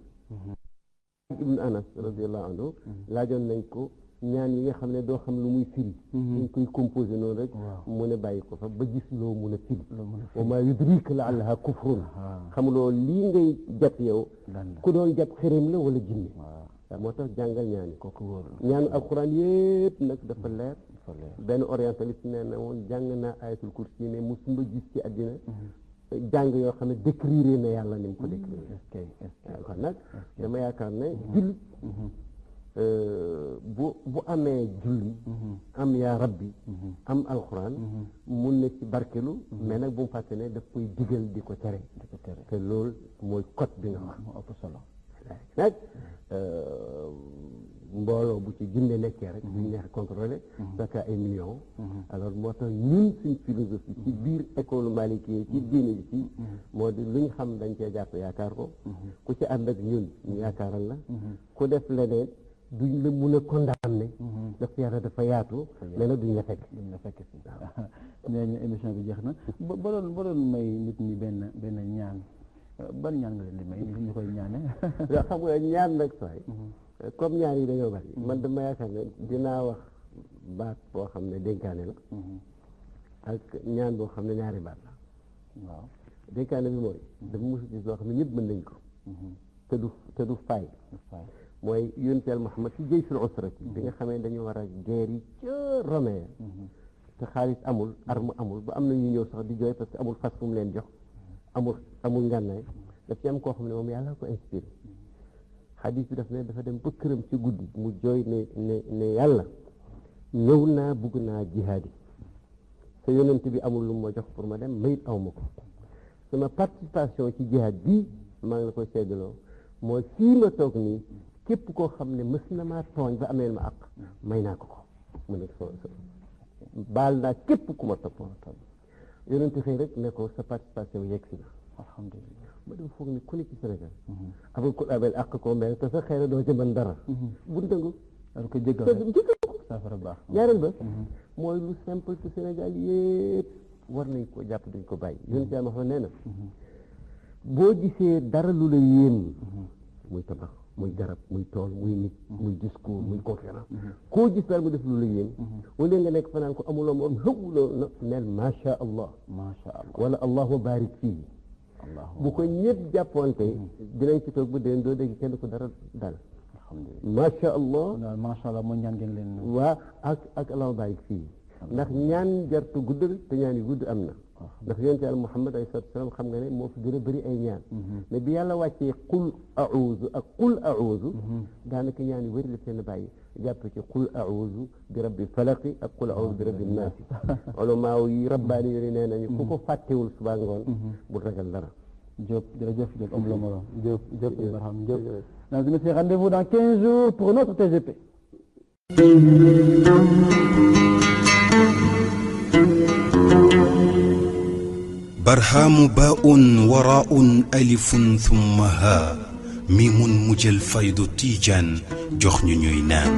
ibnu anas radiallahu anhu laajoon nañ ko ñaan yi nga xam ne doo xam lu muy firi dañ rek mu ne bàyyi ko fa ba gis loo mun a firi wa maa yudrik laallaha kufrun ah. xamuloo lii ngay jàpp yow ku doon jàpp xërëm la wala jinne moo tax jàngal ñaani kooku wóor ñaanu alxuraan yëpp nag mm-hmm. dafa leer benn orientaliste nee na woon jàng naa ayatul kursi ne musuma gis ci àddina mm-hmm. jàng yoo xam ne décrire na yàlla ne mu ko décrire mm-hmm. nag dama yaakaar ne jullit euh, bu amee julli am yaa rabbi am alxuraan mun na ci barkelu mais nag bu mu fàtte ne daf koy digal di ko tere te loolu mooy code bi nga wax solo nag euh, mbooloo bu ci junne nekkee rek duñ neex contrôlé parce mhm. que ay millions mhm. alors moo tax ñun suñ philosophie ci biir école malikiye ci diine bi mhm. moo di luñ xam dañ cee jàpp yaakaar ko ku ci ànd ak ñun ñu yaakaaral la ku def leneen duñ la mun a condamné daf yàlla dafa yaatu mais nag duñ la fekk duñ la fekk si nee ñu émission bi jeex na ba doon may nit ñi benn benn ñaan ban ñaan nga leen di may ñu koy ñaanee. yoo xam nga ñaan rek sooy. Mm-hmm. comme ñaan yi dañoo bari. Mm-hmm. man dama yaakaar ne dinaa wax baat boo xam ne dénkaane la. Mm-hmm. ak ñaan boo xam ne ñaari baat la. waaw dénkaane bi mooy. dafa mos gis loo xam ne ñëpp mën nañ ko. te du te du yoonteel mooy yunteel Muhammad ci jëy sul usrati bi nga xamee dañu war a guerre yi
ca Romain
te xaalis amul arme amul ba am na ñu ñëw sax di jooy parce que amul fas fu mu leen jox. amul amul ngànnaay daf ci am koo xam ne moom yàlla ko inspiré xadis bi daf ne dafa dem ba këram ci guddi mu jooy ne ne ne yàlla ñëw naa bugg naa jihaadi sa yonent bi amul lu ma jox pour ma dem mayit aw ma ko sama participation ci jihaad bi maa ngi la koy seddaloo mooy fii ma toog nii képp koo xam ne mës na maa tooñ ba amee ma àq may naa ko ko mu ne baal naa képp ku ma topp yonent xëy rek ne ko sa participation yegg si na alhamdulilah ma dem foog ni ku ne ci Sénégal mhm. avec ku abel ak ko mais te sa xëy na doo ci mën dara mhm. bu dëngu danga ko jéggal saafara baax ñaareel ba mhm. mooy lu simple ci Sénégal yëpp war nañ ko jàpp duñ ko bàyyi yonent yàlla ma xam nee na boo gisee dara lu la yéem muy tabax muy garab muy tool muy nit mm-hmm. muy discours muy conférence mm-hmm. koo gis daal mu def lu la yéen wala mm-hmm. nga nekk fanaan ko amuloo moom xëwuloo na neel macha allah macha allah wala allahu barik fii bu ko ñëpp jàppante dinañ ci toog bu deen doo dégg kenn ko dara dal macha allah macha allah moo ñaan ngeen leen waa ak ak allahu barik fii ndax ñaan jartu guddal te ñaan yi gudd am na ndax yonent yàlla Muhammad alayhi salaatu salaam xam nga ne moo fi gën a bëri ay ñaan mhm. mais bi yàlla wàccee qul a ak qul a'uuzu mhm. daanaka ñaan yu bëri la seen bàyyi jàpp ci qul a'uuzu bi rabbi falaqi a qul a'uuzu bi rabbi naasi ulamaa yi rabbaani yooyu nee nañu ku ko mhm. fàttewul suba ngoon bu ragal dara Diop jërëjëf Diop am la moro Diop Diop Ibrahim barhaamu baa'un waraa'un alifun thumma haa miimun mu jël faydu tiijaan jox ñu ñuy naan